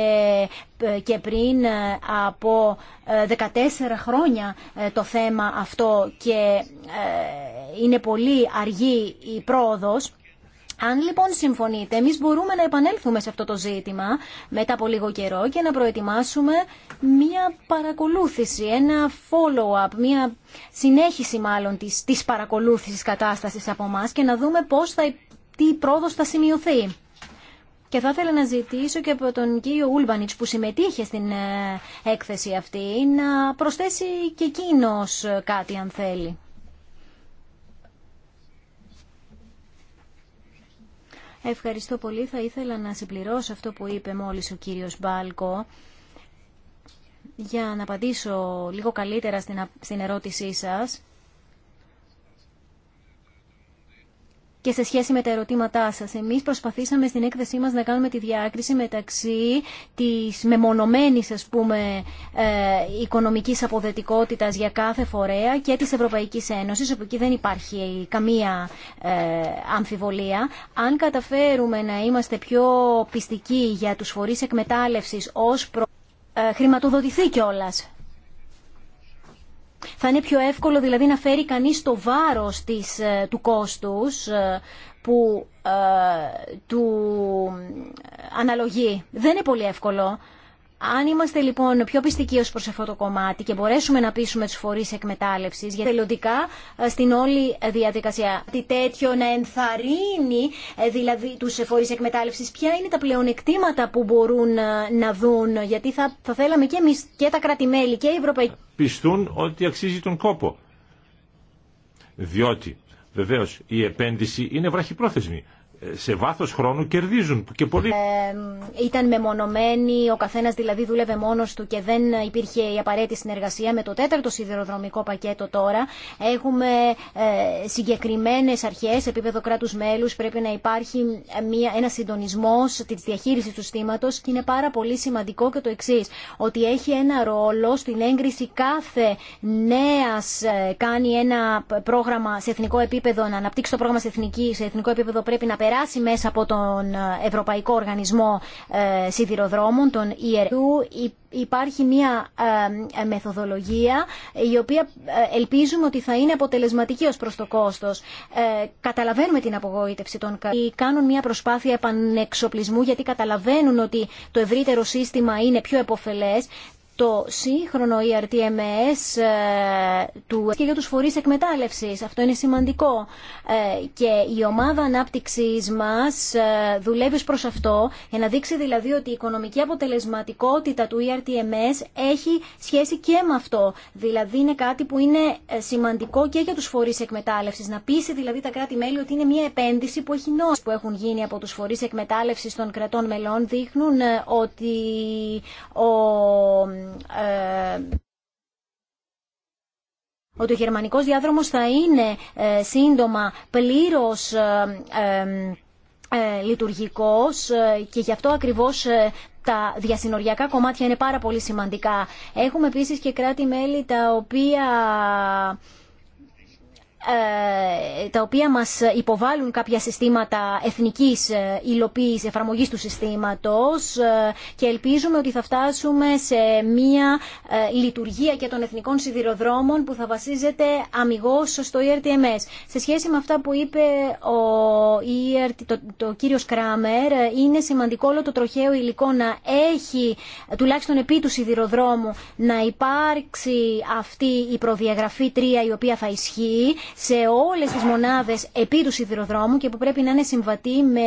ε, και πριν ε, από 14 ε, χρόνια το θέμα αυτό και είναι πολύ αργή η πρόοδος. Αν λοιπόν συμφωνείτε, εμείς μπορούμε να επανέλθουμε σε αυτό το ζήτημα μετά από λίγο καιρό και να προετοιμάσουμε μία παρακολούθηση, ένα follow-up, μία συνέχιση μάλλον της, της παρακολούθησης κατάστασης από εμά και να δούμε πώς θα, τι πρόοδος θα σημειωθεί. Και θα ήθελα να ζητήσω και από τον κύριο Ούλμπανιτς που συμμετείχε στην ε, έκθεση αυτή να προσθέσει και εκείνος κάτι αν θέλει. Ευχαριστώ πολύ. Θα ήθελα να συμπληρώσω αυτό που είπε μόλις ο κύριος Μπάλκο για να απαντήσω λίγο καλύτερα στην ερώτησή σας. και σε σχέση με τα ερωτήματά σας. Εμείς προσπαθήσαμε στην έκθεσή μας να κάνουμε τη διάκριση μεταξύ της μεμονωμένη ας πούμε, ε, οικονομικής αποδετικότητας για κάθε φορέα και της Ευρωπαϊκής Ένωση, όπου εκεί δεν υπάρχει καμία ε, αμφιβολία. Αν καταφέρουμε να είμαστε πιο πιστικοί για τους φορεί εκμετάλλευσης ω, προ... Ε, χρηματοδοτηθεί κιόλα. Θα είναι πιο εύκολο δηλαδή να φέρει κανείς το βάρος της, ε, του κόστους ε, που ε, του αναλογεί. Δεν είναι πολύ εύκολο αν είμαστε λοιπόν πιο πιστικοί ως προς αυτό το κομμάτι και μπορέσουμε να πείσουμε τους φορείς εκμετάλλευση για θελοντικά ε, στην όλη διαδικασία τι τέτοιο να ενθαρρύνει ε, δηλαδή τους φορείς εκμετάλλευση, ποια είναι τα πλεονεκτήματα που μπορούν ε, να δουν γιατί θα, θα θέλαμε και εμεί και τα κράτη-μέλη και οι Ευρωπαϊκοί πιστούν ότι αξίζει τον κόπο διότι βεβαίω η επένδυση είναι βραχυπρόθεσμη σε βάθος χρόνου κερδίζουν και πολλοί. Ε, ήταν μεμονωμένοι, ο καθένας δηλαδή δούλευε μόνος του και δεν υπήρχε η απαραίτητη συνεργασία με το τέταρτο σιδηροδρομικό πακέτο τώρα. Έχουμε ε, συγκεκριμένες αρχές, επίπεδο κράτους μέλους, πρέπει να υπάρχει μια, ένα συντονισμός τη διαχείριση του στήματος και είναι πάρα πολύ σημαντικό και το εξή ότι έχει ένα ρόλο στην έγκριση κάθε νέας, ε, κάνει ένα πρόγραμμα σε εθνικό επίπεδο, να αναπτύξει το πρόγραμμα σε, εθνική, σε εθνικό επίπεδο πρέπει να περάσει περάσει μέσα από τον ε, Ευρωπαϊκό Οργανισμό ε, Σιδηροδρόμων, τον ERU. Υπάρχει μια ε, μεθοδολογία η οποία ελπίζουμε ότι θα είναι αποτελεσματική ως προς το κόστος. Καταλαβαίνουμε την απογοήτευση των καταναλωτών. Κάνουν μια προσπάθεια επανεξοπλισμού γιατί καταλαβαίνουν ότι το ευρύτερο σύστημα είναι πιο επωφελές το σύγχρονο ERTMS ε, του και για τους φορείς εκμετάλλευσης. Αυτό είναι σημαντικό. Ε, και η ομάδα ανάπτυξης μας ε, δουλεύει προς αυτό για να δείξει δηλαδή ότι η οικονομική αποτελεσματικότητα του ERTMS έχει σχέση και με αυτό. Δηλαδή είναι κάτι που είναι σημαντικό και για τους φορείς εκμετάλλευσης. Να πείσει δηλαδή τα κράτη-μέλη ότι είναι μια επένδυση που έχει νόημα που έχουν γίνει από τους φορείς εκμετάλλευσης των κρατών μελών δείχνουν ότι ο ε, ότι ο γερμανικός διάδρομος θα είναι ε, σύντομα πλήρως ε, λειτουργικός και γι' αυτό ακριβώς τα διασυνοριακά κομμάτια είναι πάρα πολύ σημαντικά. Έχουμε επίσης και κράτη-μέλη τα οποία ε, τα οποία μας υποβάλλουν κάποια συστήματα εθνικής ε, υλοποίησης, εφαρμογής του συστήματος ε, και ελπίζουμε ότι θα φτάσουμε σε μια λειτουργία και των εθνικών σιδηροδρόμων που θα βασίζεται αμυγός στο ERTMS. Σε σχέση με αυτά που είπε ο ERT, το, κύριος Κράμερ, είναι σημαντικό όλο το τροχαίο υλικό να έχει, τουλάχιστον επί του σιδηροδρόμου, να υπάρξει αυτή η προδιαγραφή 3 η οποία θα ισχύει σε όλες τις μονάδες επί του σιδηροδρόμου και που πρέπει να είναι συμβατή με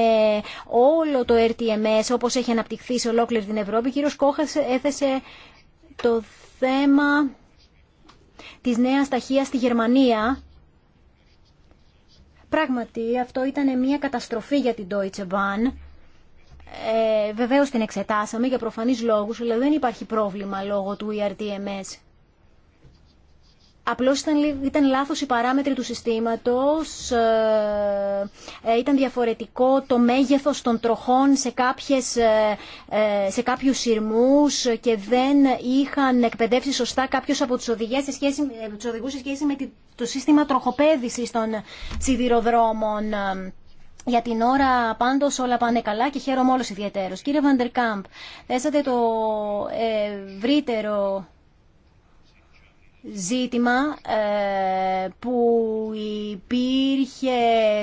όλο το RTMS όπως έχει αναπτυχθεί σε ολόκληρη την Ευρώπη. Ο κύριος Κόχας έθεσε το θέμα της νέας ταχείας στη Γερμανία. Πράγματι, αυτό ήταν μια καταστροφή για την Deutsche Bahn. Ε, Βεβαίω την εξετάσαμε για προφανείς λόγους, αλλά δεν υπάρχει πρόβλημα λόγω του ERTMS. Απλώς ήταν, ήταν λάθος οι παράμετροι του συστήματος, ε, ε, ήταν διαφορετικό το μέγεθος των τροχών σε, κάποιες, ε, σε κάποιους σειρμούς και δεν είχαν εκπαιδεύσει σωστά κάποιους από του οδηγού σε σχέση, οδηγούς σε σχέση με το σύστημα τροχοπέδησης των σιδηροδρόμων. Για την ώρα πάντω όλα πάνε καλά και χαίρομαι όλου ιδιαίτερω. Κύριε Βαντερκάμπ, θέσατε το ευρύτερο ζήτημα ε, που υπήρχε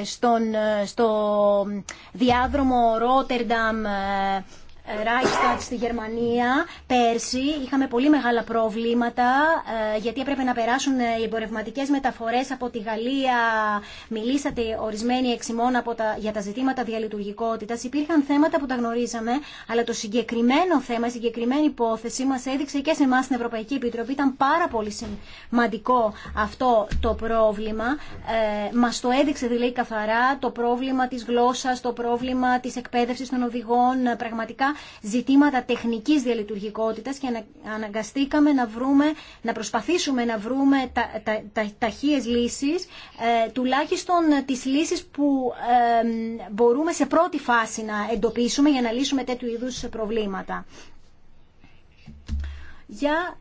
στον, στο διάδρομο Ρότερνταμ ε, Reichstag στη Γερμανία πέρσι είχαμε πολύ μεγάλα προβλήματα ε, γιατί έπρεπε να περάσουν ε, οι εμπορευματικές μεταφορές από τη Γαλλία. Μιλήσατε ορισμένοι εξημών από τα, για τα ζητήματα διαλειτουργικότητας. Υπήρχαν θέματα που τα γνωρίζαμε, αλλά το συγκεκριμένο θέμα, η συγκεκριμένη υπόθεση μας έδειξε και σε εμά στην Ευρωπαϊκή Επιτροπή. Ήταν πάρα πολύ σημαντικό αυτό το πρόβλημα. Ε, μας το έδειξε δηλαδή καθαρά το πρόβλημα της γλώσσας, το πρόβλημα της εκπαίδευσης των οδηγών. Ε, πραγματικά ζητήματα τεχνικής διαλειτουργικότητας και αναγκαστήκαμε να, βρούμε, να προσπαθήσουμε να βρούμε τα, τα, λύσεις, ε, τουλάχιστον τις λύσεις που ε, μπορούμε σε πρώτη φάση να εντοπίσουμε για να λύσουμε τέτοιου είδους προβλήματα. Για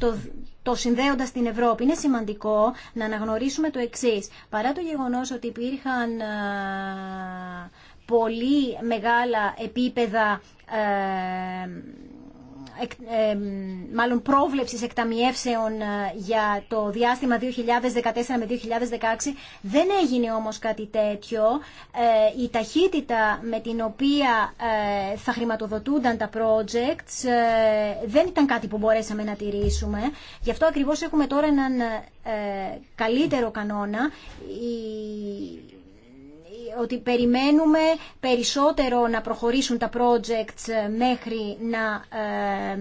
το, το συνδέοντα την Ευρώπη. Είναι σημαντικό να αναγνωρίσουμε το εξή. Παρά το γεγονό ότι υπήρχαν ε, πολύ μεγάλα επίπεδα ε, ε, μάλλον πρόβλεψης εκταμιεύσεων ε, για το διάστημα 2014 με 2016. Δεν έγινε όμως κάτι τέτοιο. Η ταχύτητα με την οποία θα χρηματοδοτούνταν τα projects δεν ήταν κάτι που μπορέσαμε να τηρήσουμε. Γι' αυτό ακριβώς έχουμε τώρα έναν καλύτερο κανόνα. Η ότι περιμένουμε περισσότερο να προχωρήσουν τα projects ε, μέχρι να ε,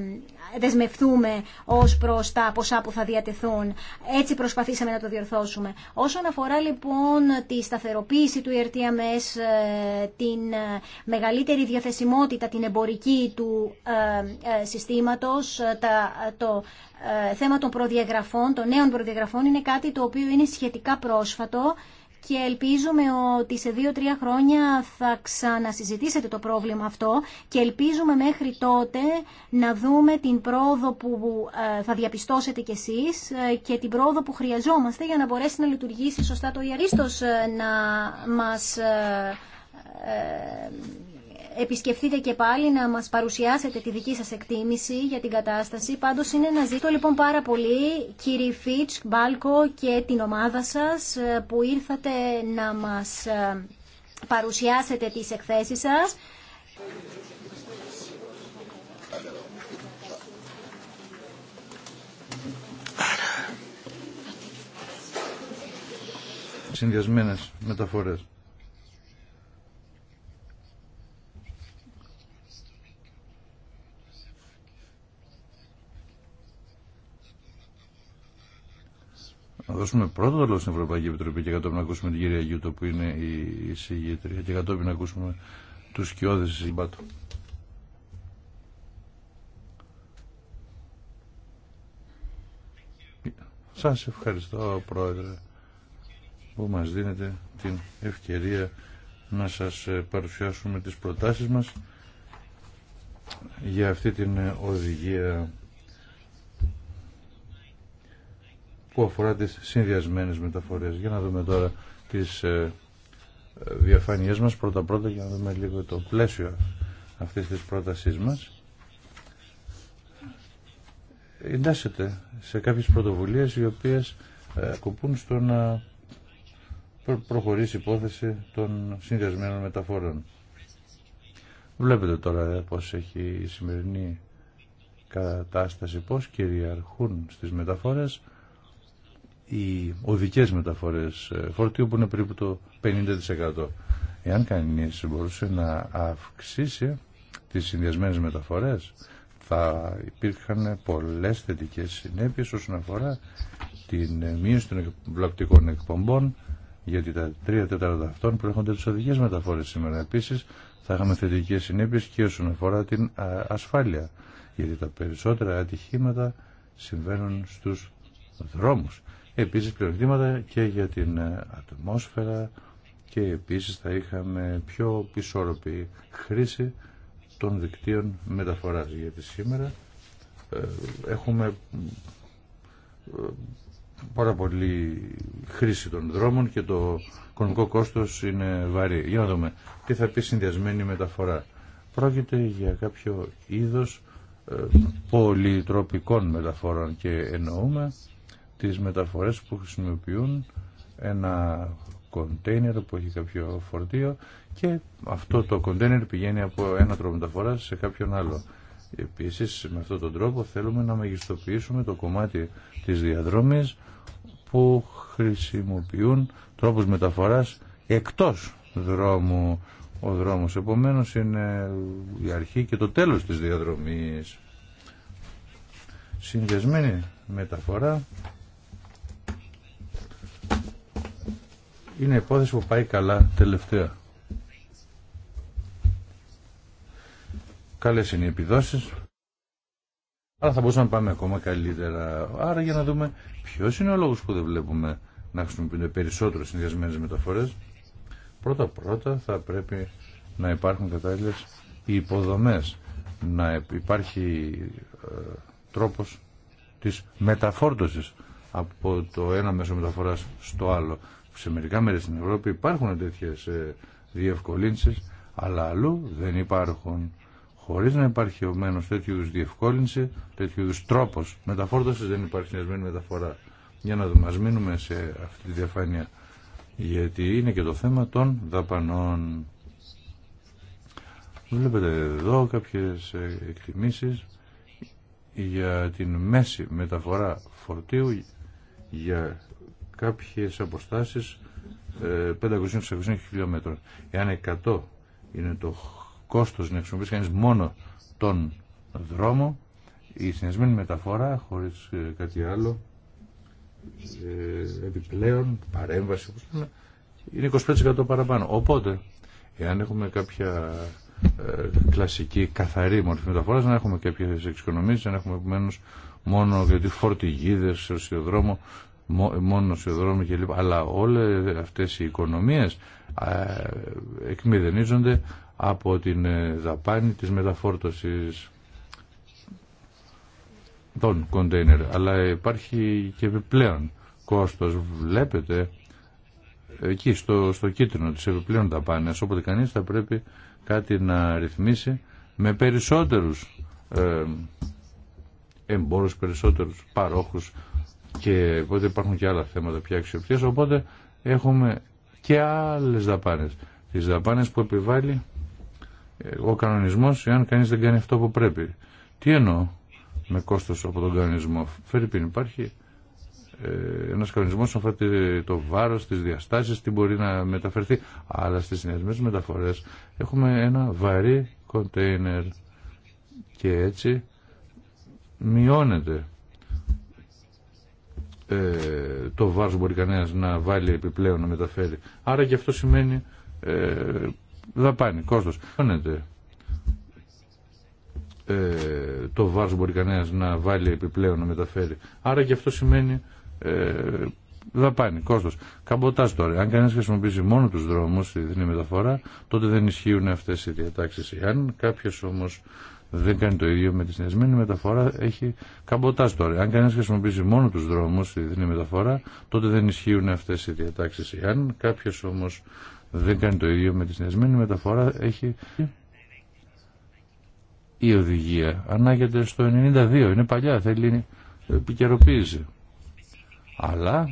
δεσμευτούμε ως προς τα ποσά που θα διατεθούν. Έτσι προσπαθήσαμε να το διορθώσουμε. Όσον αφορά λοιπόν τη σταθεροποίηση του ERTMS, ε, την μεγαλύτερη διαθεσιμότητα, την εμπορική του συστήματος, το θέμα των προδιαγραφών, των νέων προδιαγραφών είναι κάτι το οποίο είναι σχετικά πρόσφατο και ελπίζουμε ότι σε δύο-τρία χρόνια θα ξανασυζητήσετε το πρόβλημα αυτό και ελπίζουμε μέχρι τότε να δούμε την πρόοδο που ε, θα διαπιστώσετε κι εσείς ε, και την πρόοδο που χρειαζόμαστε για να μπορέσει να λειτουργήσει σωστά το Ιαρίστος ε, να μας Επισκεφτείτε και πάλι να μας παρουσιάσετε τη δική σας εκτίμηση για την κατάσταση. Πάντως είναι να ζητώ λοιπόν πάρα πολύ κύριε Φίτς, Μπάλκο και την ομάδα σας ε, που ήρθατε να μας ε, παρουσιάσετε τις εκθέσεις σας. Συνδυασμένες μεταφορές. να δώσουμε πρώτο το λόγο στην Ευρωπαϊκή Επιτροπή και κατόπιν να ακούσουμε την κυρία Γιούτο που είναι η συγγετρία και κατόπιν να ακούσουμε τους σκιώδες συμπάτου. Σας ευχαριστώ Πρόεδρε που μας δίνετε την ευκαιρία να σας ε, παρουσιάσουμε τις προτάσεις μας για αυτή την ε, οδηγία που αφορά τις συνδυασμένες μεταφορές. Για να δούμε τώρα τις ε, ε, διαφάνειές μας πρώτα-πρώτα για να δούμε λίγο το πλαίσιο αυτής της πρότασής μας. Εντάσσεται σε κάποιες πρωτοβουλίες οι οποίες ε, κοπούν στο να προχωρήσει η υπόθεση των συνδυασμένων μεταφορών. Βλέπετε τώρα πώς έχει η σημερινή κατάσταση, πώς κυριαρχούν στις μεταφορές οι οδικέ μεταφορέ ε, φορτίου που είναι περίπου το 50%. Εάν κανεί μπορούσε να αυξήσει τι συνδυασμένε μεταφορέ θα υπήρχαν πολλέ θετικέ συνέπειε όσον αφορά την μείωση των βλαπτικών εκπομπών γιατί τα τρία τέταρτα αυτών προέρχονται τι οδικέ μεταφορέ σήμερα. Επίση, θα είχαμε θετικέ συνέπειε και όσον αφορά την ασφάλεια γιατί τα περισσότερα ατυχήματα συμβαίνουν στου δρόμου. Επίσης πλεονεκτήματα και για την ε, ατμόσφαιρα και επίσης θα είχαμε πιο ισόρροπη χρήση των δικτύων μεταφοράς. Γιατί σήμερα ε, έχουμε ε, πάρα πολύ χρήση των δρόμων και το οικονομικό κόστος είναι βαρύ. Για να δούμε τι θα πει συνδυασμένη μεταφορά. Πρόκειται για κάποιο είδος πολυτροπικών μεταφορών και εννοούμε τις μεταφορές που χρησιμοποιούν ένα κοντέινερ που έχει κάποιο φορτίο και αυτό το κοντέινερ πηγαίνει από ένα τρόπο μεταφοράς σε κάποιον άλλο. Επίσης με αυτόν τον τρόπο θέλουμε να μεγιστοποιήσουμε το κομμάτι της διαδρόμης που χρησιμοποιούν τρόπους μεταφοράς εκτός δρόμου. Ο δρόμος επομένως είναι η αρχή και το τέλος της διαδρομής. Συνδεσμένη μεταφορά είναι υπόθεση που πάει καλά τελευταία. Καλές είναι οι επιδόσεις, αλλά θα μπορούσαμε να πάμε ακόμα καλύτερα. Άρα για να δούμε ποιο είναι ο λόγος που δεν βλέπουμε να χρησιμοποιούνται περισσότερο συνδυασμένες μεταφορές. Πρώτα-πρώτα θα πρέπει να υπάρχουν κατάλληλε υποδομές, να υπάρχει ε, τρόπος της μεταφόρτωσης από το ένα μέσο μεταφοράς στο άλλο σε μερικά μέρη στην Ευρώπη υπάρχουν τέτοιες ε, διευκολύνσεις, αλλά αλλού δεν υπάρχουν. Χωρίς να υπάρχει ομένω τέτοιου είδους διευκόλυνση, τέτοιου είδους τρόπος δεν υπάρχει συνεσμένη μεταφορά. Για να δούμε, μείνουμε σε αυτή τη διαφάνεια, γιατί είναι και το θέμα των δαπανών. Βλέπετε εδώ κάποιες ε, εκτιμήσεις για την μέση μεταφορά φορτίου για κάποιες αποστάσεις 500-600 ε, χιλιόμετρων. Εάν 100 είναι το κόστος να χρησιμοποιήσει κανείς μόνο τον δρόμο, η συνέσμενη μεταφορά χωρίς ε, κάτι άλλο ε, επιπλέον παρέμβαση όπως είναι 25% παραπάνω. Οπότε, εάν έχουμε κάποια κλασική καθαρή μορφή μεταφορά, να έχουμε κάποιε εξοικονομίες, να έχουμε επομένω μόνο γιατί φορτηγίδε, δρόμο μόνο σε δρόμο λοιπά, Αλλά όλες αυτές οι οικονομίες εκμυδενίζονται από την ε, δαπάνη της μεταφόρτωσης των κοντέινερ. Αλλά υπάρχει και επιπλέον κόστος. Βλέπετε εκεί στο, στο κίτρινο της επιπλέον δαπάνης Οπότε κανείς θα πρέπει κάτι να ρυθμίσει με περισσότερους ε, εμπόρους, περισσότερους παρόχους και οπότε υπάρχουν και άλλα θέματα πια αξιοπτήρες οπότε έχουμε και άλλες δαπάνες. Τις δαπάνες που επιβάλλει ε, ο κανονισμός, εάν κανείς δεν κάνει αυτό που πρέπει. Τι εννοώ με κόστος από τον κανονισμό. φέρει Φερρυπίν υπάρχει ε, ένας κανονισμός αφορά το βάρος, τις διαστάσεις, τι μπορεί να μεταφερθεί. Αλλά στις συνεργασμένες μεταφορές έχουμε ένα βαρύ κοντέινερ και έτσι μειώνεται το βάρος μπορεί κανένας να βάλει επιπλέον να μεταφέρει. Άρα και αυτό σημαίνει ε, δαπάνη, κόστος. Ε, το βάρος μπορεί κανένας να βάλει επιπλέον να μεταφέρει. Άρα και αυτό σημαίνει ε, δαπάνη, κόστος. Ε, ε, Καμποτάς τώρα. Αν κανένας χρησιμοποιήσει μόνο τους δρόμους στη διεθνή μεταφορά, τότε δεν ισχύουν αυτές οι διατάξεις. Αν κάποιος όμως δεν κάνει το ίδιο με τη συνδεσμένη μεταφορά, έχει καμποτά τώρα. Αν κανένα χρησιμοποιήσει μόνο του δρόμου, στη διεθνή μεταφορά, τότε δεν ισχύουν αυτέ οι διατάξει. Αν κάποιο όμω δεν κάνει το ίδιο με τη συνδεσμένη μεταφορά, έχει. Η οδηγία ανάγεται στο 92, είναι παλιά, θέλει επικαιροποίηση. Αλλά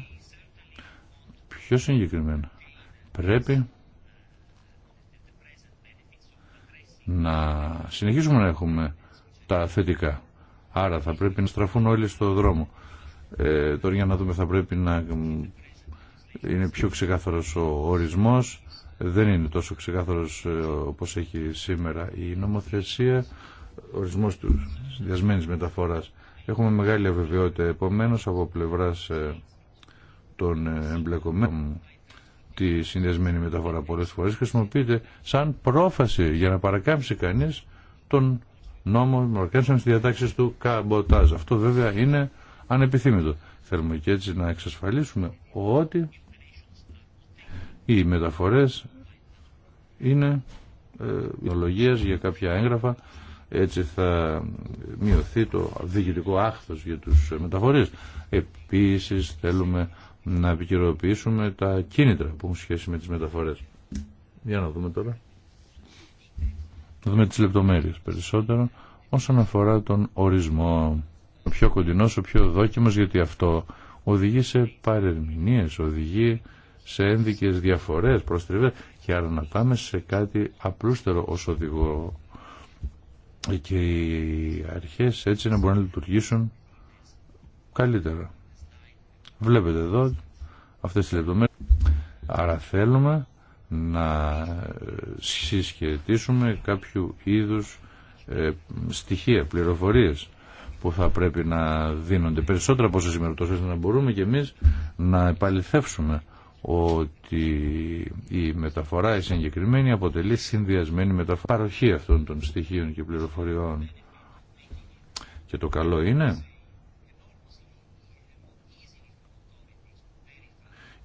πιο συγκεκριμένα πρέπει να συνεχίσουμε να έχουμε τα θετικά. Άρα θα πρέπει να στραφούν όλοι στο δρόμο. Ε, τώρα για να δούμε θα πρέπει να είναι πιο ξεκάθαρος ο ορισμός. Δεν είναι τόσο ξεκάθαρος ε, όπως έχει σήμερα η νομοθεσία. Ορισμός του διασμένης μεταφοράς. Έχουμε μεγάλη αβεβαιότητα επομένως από πλευράς ε, των εμπλεκομένων τη συνδυασμένη μεταφορά πολλές φορές χρησιμοποιείται σαν πρόφαση για να παρακάμψει κανείς τον νόμο παρακάμψει στις διατάξεις του καμποτάζ. Αυτό βέβαια είναι ανεπιθύμητο. Θέλουμε και έτσι να εξασφαλίσουμε ότι οι μεταφορές είναι ε, ολογίες για κάποια έγγραφα έτσι θα μειωθεί το διοικητικό άχθος για τους μεταφορείς. Επίσης θέλουμε να επικαιροποιήσουμε τα κίνητρα που έχουν σχέση με τις μεταφορές. Για να δούμε τώρα. Να δούμε τις λεπτομέρειες περισσότερο όσον αφορά τον ορισμό. Ο πιο κοντινός, ο πιο δόκιμος, γιατί αυτό οδηγεί σε παρερμηνίες, οδηγεί σε ένδικες διαφορές, προστριβές και άρα να πάμε σε κάτι απλούστερο ως οδηγό και οι αρχές έτσι να μπορούν να λειτουργήσουν καλύτερα. Βλέπετε εδώ αυτές τις λεπτομέρειες. Άρα θέλουμε να συσχετήσουμε κάποιο είδους ε, στοιχεία, πληροφορίες που θα πρέπει να δίνονται περισσότερα από όσες σήμερα να μπορούμε και εμείς να επαληθεύσουμε ότι η μεταφορά η συγκεκριμένη αποτελεί συνδυασμένη μεταφορά παροχή αυτών των στοιχείων και πληροφοριών. Και το καλό είναι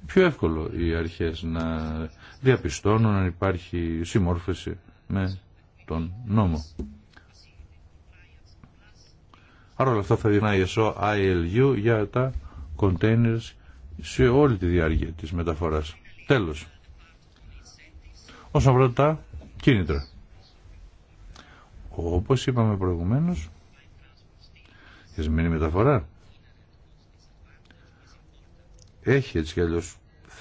πιο εύκολο οι αρχές να διαπιστώνουν αν υπάρχει συμμόρφωση με τον νόμο. Άρα όλα θα δεινά η ILU για τα containers σε όλη τη διάρκεια της μεταφοράς. Τέλος. Όσον αφορά τα κίνητρα. Όπως είπαμε προηγουμένως, η μεταφορά έχει έτσι κι αλλιώς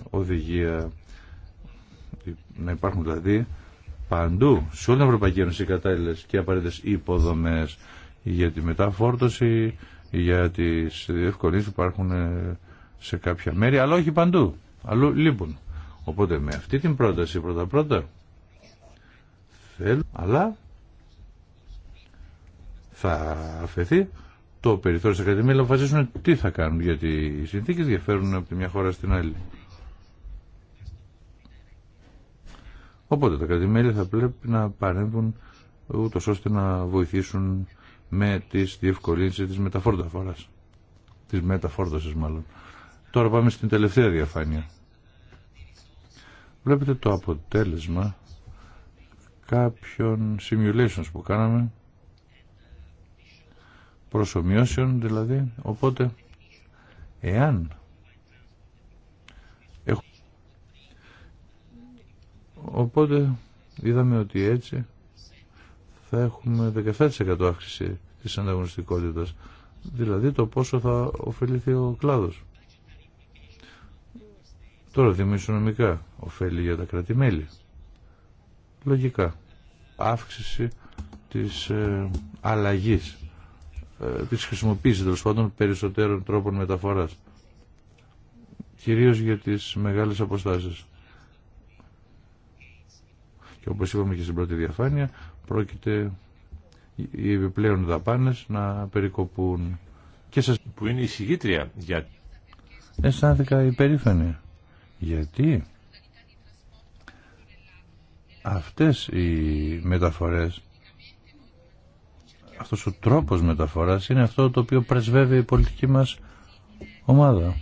οδηγία να υπάρχουν δηλαδή παντού σε όλη την Ευρωπαϊκή Ένωση κατάλληλε και απαραίτητε υποδομέ για τη μεταφόρτωση, για τι διευκολύνσει που υπάρχουν ε, σε κάποια μέρη, αλλά όχι παντού. Αλλού λείπουν. Οπότε με αυτή την πρόταση πρώτα-πρώτα θέλω, αλλά θα αφαιθεί το περιθώριο στα κρατημέλη αποφασίσουν τι θα κάνουν, γιατί οι συνθήκες διαφέρουν από τη μια χώρα στην άλλη. Οπότε τα κρατημέλη θα πρέπει να παρέμβουν ούτως ώστε να βοηθήσουν με τις διευκολύνσεις της μεταφόρταφορας. Της μάλλον. Τώρα πάμε στην τελευταία διαφάνεια. Βλέπετε το αποτέλεσμα κάποιων simulations που κάναμε προσωμιώσεων δηλαδή. Οπότε, εάν Οπότε είδαμε ότι έτσι θα έχουμε 17% αύξηση της ανταγωνιστικότητας. Δηλαδή το πόσο θα ωφεληθεί ο κλάδος. Τώρα δημοσιονομικά ωφέλη για τα κρατημέλη. Λογικά. Αύξηση της ε, αλλαγής ε, της χρησιμοποίησης τέλο πάντων περισσότερων τρόπων μεταφοράς κυρίως για τις μεγάλες αποστάσεις και όπως είπαμε και στην πρώτη διαφάνεια πρόκειται οι επιπλέον δαπάνες να περικοπούν και σας... που είναι η συγγήτρια για... αισθάνθηκα υπερήφανη γιατί αυτές οι μεταφορές αυτός ο τρόπος μεταφοράς είναι αυτό το οποίο πρεσβεύει η πολιτική μας ομάδα.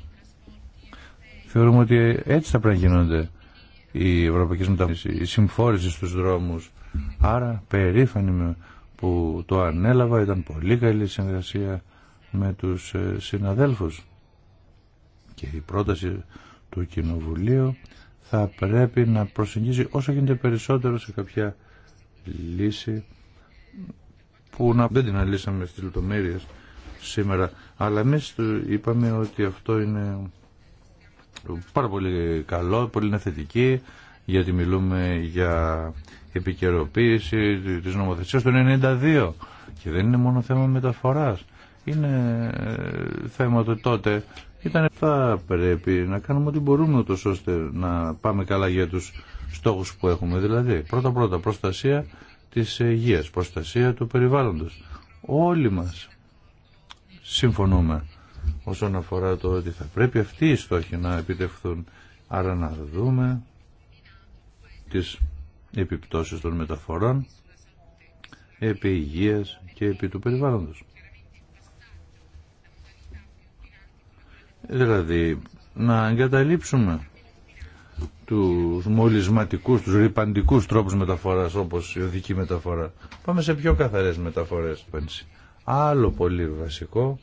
Θεωρούμε ότι έτσι θα πρέπει να γίνονται οι ευρωπαϊκές μεταφορές, η συμφόρηση στους δρόμους. Άρα περήφανοι που το ανέλαβα ήταν πολύ καλή συνεργασία με τους ε, συναδέλφους και η πρόταση του Κοινοβουλίου θα πρέπει να προσεγγίζει όσο γίνεται περισσότερο σε κάποια λύση που να... δεν την αλύσαμε στις λεπτομέρειες σήμερα. Αλλά εμείς είπαμε ότι αυτό είναι πάρα πολύ καλό, πολύ είναι θετική, γιατί μιλούμε για επικαιροποίηση της νομοθεσίας του 92 και δεν είναι μόνο θέμα μεταφοράς. Είναι ε, θέμα το τότε. Ήταν θα πρέπει να κάνουμε ό,τι μπορούμε ώστε να πάμε καλά για τους στόχους που έχουμε. Δηλαδή, πρώτα-πρώτα προστασία της υγείας, προστασία του περιβάλλοντος. Όλοι μας συμφωνούμε όσον αφορά το ότι θα πρέπει αυτοί οι στόχοι να επιτευχθούν. Άρα να δούμε τις επιπτώσεις των μεταφορών επί υγείας και επί του περιβάλλοντος. Δηλαδή, να εγκαταλείψουμε του μολυσματικούς, τους ρηπαντικούς τρόπους μεταφοράς όπως η οδική μεταφορά. Πάμε σε πιο καθαρές μεταφορές. Άλλο πολύ βασικό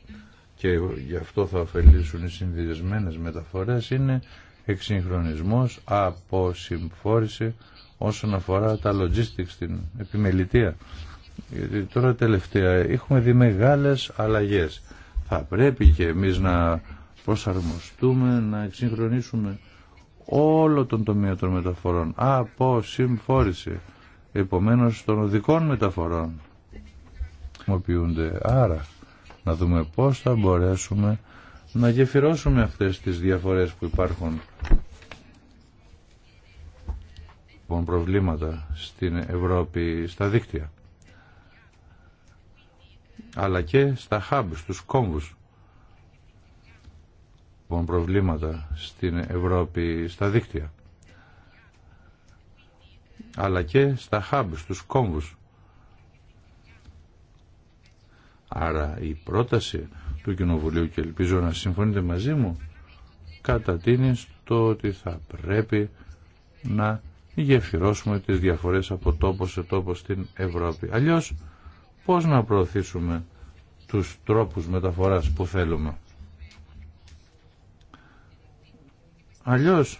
και γι' αυτό θα ωφελήσουν οι συνδυασμένες μεταφορές είναι εξυγχρονισμός από συμφόρηση όσον αφορά τα logistics την επιμελητεία. Γιατί τώρα τελευταία έχουμε δει μεγάλες αλλαγές. Θα πρέπει και εμείς να προσαρμοστούμε, να εξυγχρονίσουμε όλο τον τομέα των μεταφορών από συμφόρηση Επομένω των οδικών μεταφορών χρησιμοποιούνται άρα να δούμε πώ θα μπορέσουμε να γεφυρώσουμε αυτές τις διαφορές που υπάρχουν λοιπόν προβλήματα στην Ευρώπη στα δίκτυα αλλά και στα hubs, στους κόμβους Λοιπόν, προβλήματα στην Ευρώπη στα δίκτυα αλλά και στα hub, στους κόμβους. Άρα η πρόταση του Κοινοβουλίου και ελπίζω να συμφωνείτε μαζί μου κατατείνει στο ότι θα πρέπει να γεφυρώσουμε τις διαφορές από τόπο σε τόπο στην Ευρώπη. Αλλιώς πώς να προωθήσουμε τους τρόπους μεταφοράς που θέλουμε. Αλλιώς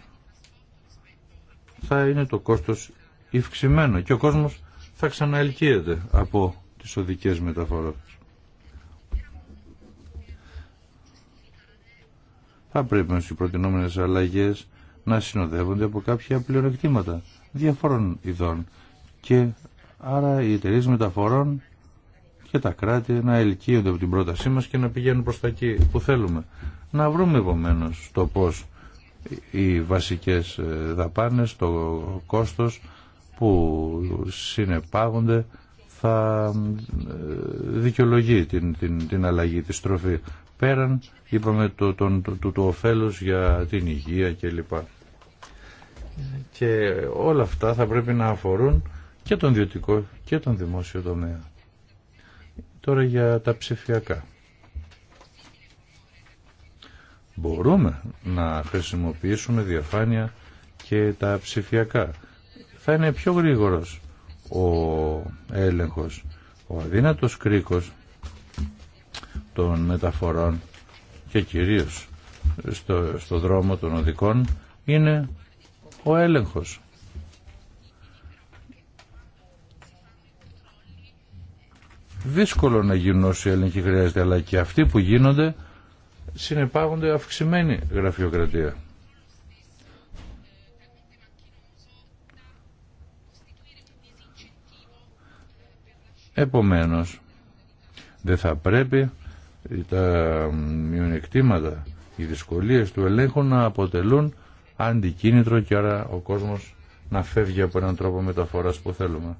θα είναι το κόστος υυξημένο και ο κόσμος θα ξαναελκύεται από τις οδικές μεταφορές. Θα πρέπει οι οι αλλαγές να συνοδεύονται από κάποια πλεονεκτήματα διαφόρων ειδών και άρα οι εταιρείε μεταφορών και τα κράτη να ελκύονται από την πρότασή μας και να πηγαίνουν προς τα εκεί που θέλουμε. Να βρούμε επομένω το πώς οι βασικές ε, δαπάνες, το κόστος που συνεπάγονται θα ε, δικαιολογεί την, την, την αλλαγή, τη στροφή. Πέραν, είπαμε, το, το, το, το για την υγεία κλπ. Και όλα αυτά θα πρέπει να αφορούν και τον ιδιωτικό και τον δημόσιο τομέα. Τώρα για τα ψηφιακά μπορούμε να χρησιμοποιήσουμε διαφάνεια και τα ψηφιακά. Θα είναι πιο γρήγορος ο έλεγχος, ο αδύνατος κρίκος των μεταφορών και κυρίως στο, στο δρόμο των οδικών είναι ο έλεγχος. Δύσκολο να γίνουν όσοι έλεγχοι χρειάζεται, αλλά και αυτοί που γίνονται συνεπάγονται αυξημένη γραφειοκρατία. Επομένως, δεν θα πρέπει τα μειονεκτήματα, οι δυσκολίες του ελέγχου να αποτελούν αντικίνητρο και άρα ο κόσμος να φεύγει από έναν τρόπο μεταφοράς που θέλουμε.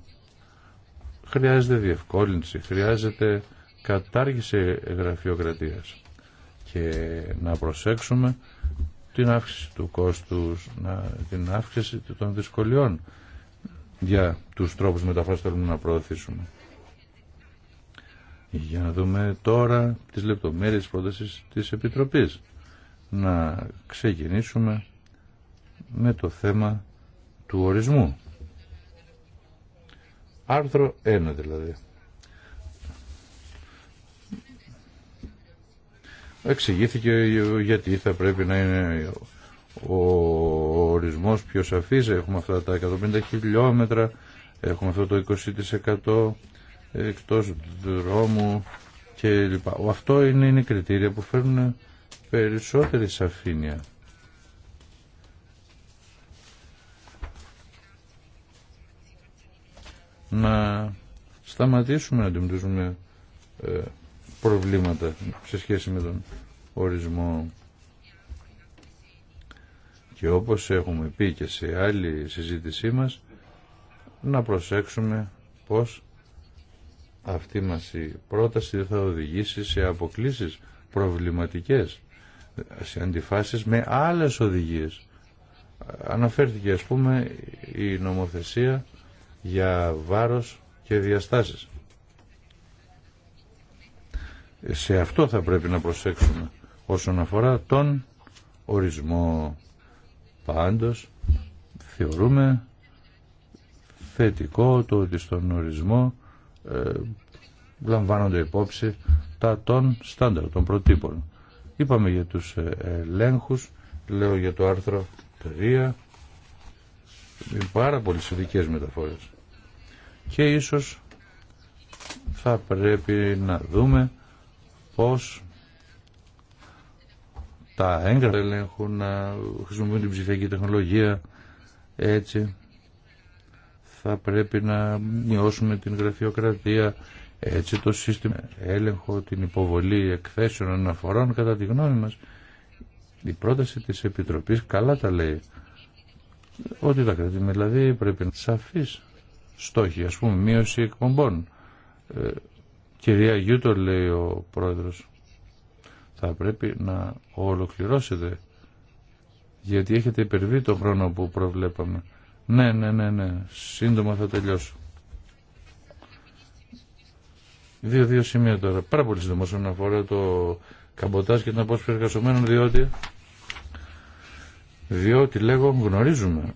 Χρειάζεται διευκόλυνση, χρειάζεται κατάργηση γραφειοκρατίας και να προσέξουμε την αύξηση του κόστου, την αύξηση των δυσκολιών για τους τρόπους μεταφράσεων που θέλουμε να προωθήσουμε. Για να δούμε τώρα τις λεπτομέρειες πρότασης της Επιτροπής. Να ξεκινήσουμε με το θέμα του ορισμού. Άρθρο 1 δηλαδή. εξηγήθηκε γιατί θα πρέπει να είναι ο ορισμός πιο σαφής. Έχουμε αυτά τα 150 χιλιόμετρα, έχουμε αυτό το 20% εκτός δρόμου κλπ. Αυτό είναι, είναι κριτήρια που φέρνουν περισσότερη σαφήνεια. Να σταματήσουμε να αντιμετωπίζουμε ε, προβλήματα σε σχέση με τον ορισμό. Και όπως έχουμε πει και σε άλλη συζήτησή μας, να προσέξουμε πως αυτή μας η πρόταση θα οδηγήσει σε αποκλήσεις προβληματικές, σε αντιφάσεις με άλλες οδηγίες. Αναφέρθηκε ας πούμε η νομοθεσία για βάρος και διαστάσεις σε αυτό θα πρέπει να προσέξουμε όσον αφορά τον ορισμό. Πάντως, θεωρούμε θετικό το ότι στον ορισμό ε, λαμβάνονται υπόψη τα των στάνταρ, των προτύπων. Είπαμε για τους ε, ελέγχους, λέω για το άρθρο 3, είναι πάρα πολύ ειδικές μεταφορές. Και ίσως θα πρέπει να δούμε πώς τα έγγραφα ελέγχουν να χρησιμοποιούν την ψηφιακή τεχνολογία έτσι θα πρέπει να μειώσουμε την γραφειοκρατία έτσι το σύστημα έλεγχο την υποβολή εκθέσεων αναφορών κατά τη γνώμη μας η πρόταση της Επιτροπής καλά τα λέει ότι τα κρατήμε δηλαδή πρέπει να σαφείς στόχοι ας πούμε μείωση εκπομπών ε, Κυρία Γιούτορ, λέει ο πρόεδρος, θα πρέπει να ολοκληρώσετε, γιατί έχετε υπερβεί τον χρόνο που προβλέπαμε. Ναι, ναι, ναι, ναι, σύντομα θα τελειώσω. Δύο-δύο σημεία τώρα. Πάρα πολύ σύντομα όσον αφορά το καμποτάζ και την απόσπαση εργασομένων, διότι, διότι λέγω γνωρίζουμε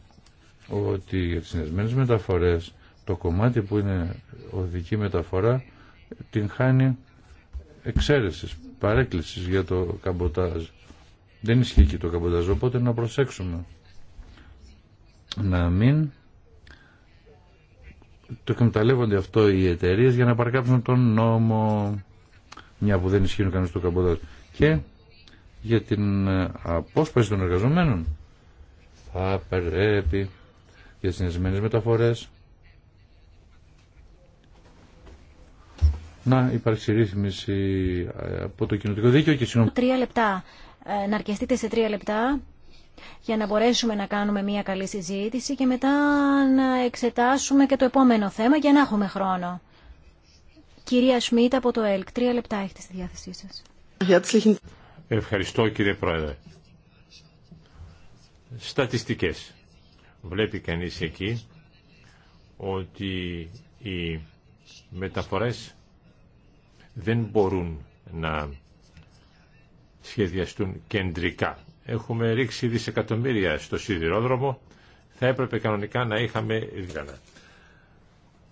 ότι για τις συνδεσμένες μεταφορές το κομμάτι που είναι οδική μεταφορά την χάνει εξαίρεσης, παρέκκλησης για το καμποτάζ. Δεν ισχύει και το καμποτάζ, οπότε να προσέξουμε. Να μην το εκμεταλλεύονται αυτό οι εταιρείε για να παρακάψουν τον νόμο μια που δεν ισχύει κανείς το καμποτάζ. Και για την απόσπαση των εργαζομένων θα πρέπει για συνδεσμένες μεταφορές να υπάρξει ρύθμιση ε, από το κοινωτικό δίκαιο και συγγνώμη. Τρία λεπτά. Ε, να αρκεστείτε σε τρία λεπτά για να μπορέσουμε να κάνουμε μια καλή συζήτηση και μετά να εξετάσουμε και το επόμενο θέμα για να έχουμε χρόνο. Κυρία Σμίτ από το ΕΛΚ, τρία λεπτά έχετε στη διάθεσή σας. Ευχαριστώ κύριε Πρόεδρε. Στατιστικές. Βλέπει κανείς εκεί ότι οι μεταφορές δεν μπορούν να σχεδιαστούν κεντρικά. Έχουμε ρίξει δισεκατομμύρια στο σιδηρόδρομο, θα έπρεπε κανονικά να είχαμε δίκανα.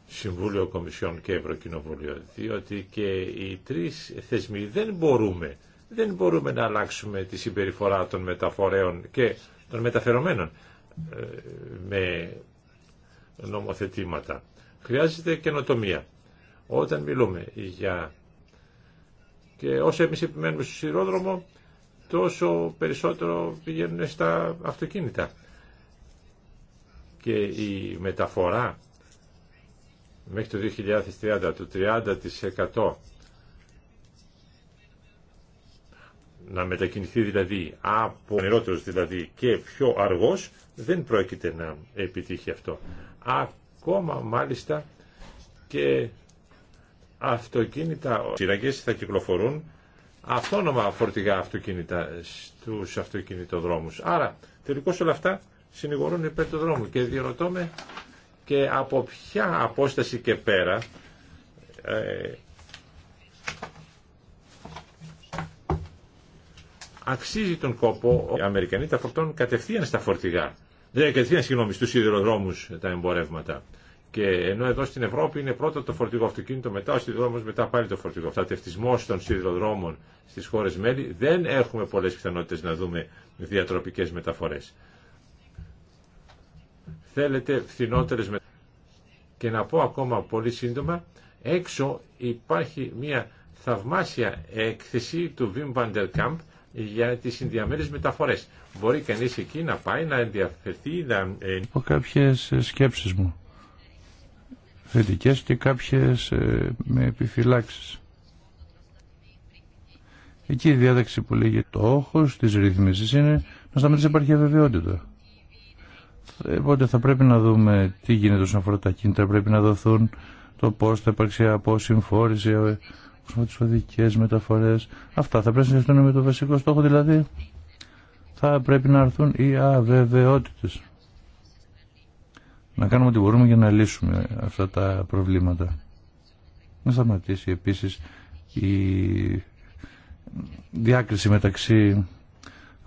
Συμβούλιο Κομισιόν και Ευρωκοινοβούλιο, διότι και οι τρεις θεσμοί δεν μπορούμε, δεν μπορούμε να αλλάξουμε τη συμπεριφορά των μεταφορέων και των μεταφερομένων ε, με νομοθετήματα. Χρειάζεται καινοτομία. Όταν μιλούμε για και όσο εμείς επιμένουμε στο σιρόδρομο, τόσο περισσότερο πηγαίνουν στα αυτοκίνητα. Και η μεταφορά μέχρι το 2030 το 30% να μετακινηθεί δηλαδή από νερότερος δηλαδή και πιο αργός δεν πρόκειται να επιτύχει αυτό. Ακόμα μάλιστα και αυτοκίνητα σειραγές θα κυκλοφορούν αυτόνομα φορτηγά αυτοκίνητα στους αυτοκινητοδρόμους. Άρα τελικώς όλα αυτά συνηγορούν υπέρ του δρόμου και διερωτώ και από ποια απόσταση και πέρα ε, αξίζει τον κόπο οι Αμερικανοί τα φορτώνουν κατευθείαν στα φορτηγά. Δεν κατευθείαν, συγγνώμη, στους σιδηροδρόμους τα εμπορεύματα. Και ενώ εδώ στην Ευρώπη είναι πρώτα το φορτηγό αυτοκίνητο, μετά ο σιδηρόδρομο, μετά πάλι το φορτηγό. Στρατευτισμό των σιδηροδρόμων στι χώρε μέλη δεν έχουμε πολλέ πιθανότητε να δούμε διατροπικέ μεταφορέ. Θέλετε φθηνότερε μεταφορέ. Και να πω ακόμα πολύ σύντομα, έξω υπάρχει μια θαυμάσια έκθεση του Wim van der Kamp για τι συνδιαμένε μεταφορέ. Μπορεί κανεί εκεί να πάει, να ενδιαφερθεί, να... Έχω κάποιε σκέψει μου θετικές και κάποιες ε, με επιφυλάξεις. Εκεί η διάταξη που λέγει το όχος της ρύθμισης είναι να σταματήσει υπάρχει αβεβαιότητα. Οπότε θα πρέπει να δούμε τι γίνεται όσον αφορά τα κίνητρα, πρέπει να δοθούν το πώ θα υπάρξει από ε, όσον αφορά τι οδικέ μεταφορές. Αυτά θα πρέπει να συνεχιστούν με το βασικό στόχο, δηλαδή θα πρέπει να έρθουν οι αβεβαιότητε να κάνουμε ό,τι μπορούμε για να λύσουμε αυτά τα προβλήματα. Να σταματήσει επίσης η διάκριση μεταξύ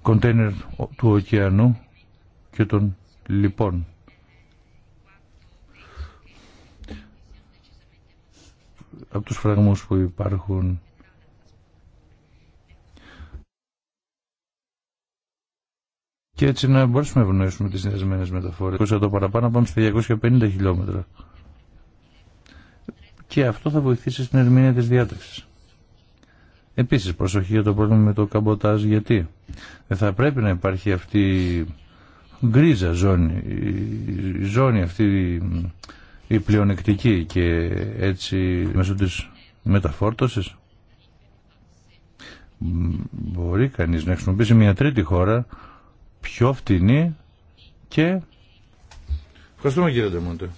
κοντέινερ του ωκεανού και των λοιπών. Από τους φραγμούς που υπάρχουν και έτσι να μπορέσουμε να ευνοήσουμε τις συνδεσμένες μεταφορές. το παραπάνω πάμε στα 250 χιλιόμετρα. Και αυτό θα βοηθήσει στην ερμηνεία της διάταξης. Επίσης προσοχή για το πρόβλημα με το καμποτάζ γιατί δεν θα πρέπει να υπάρχει αυτή η γκρίζα ζώνη, η ζώνη αυτή η πλεονεκτική και έτσι μέσω της μεταφόρτωσης μπορεί κανείς να χρησιμοποιήσει μια τρίτη χώρα πιο φτηνή και... Ευχαριστούμε κύριε Ντεμόντε.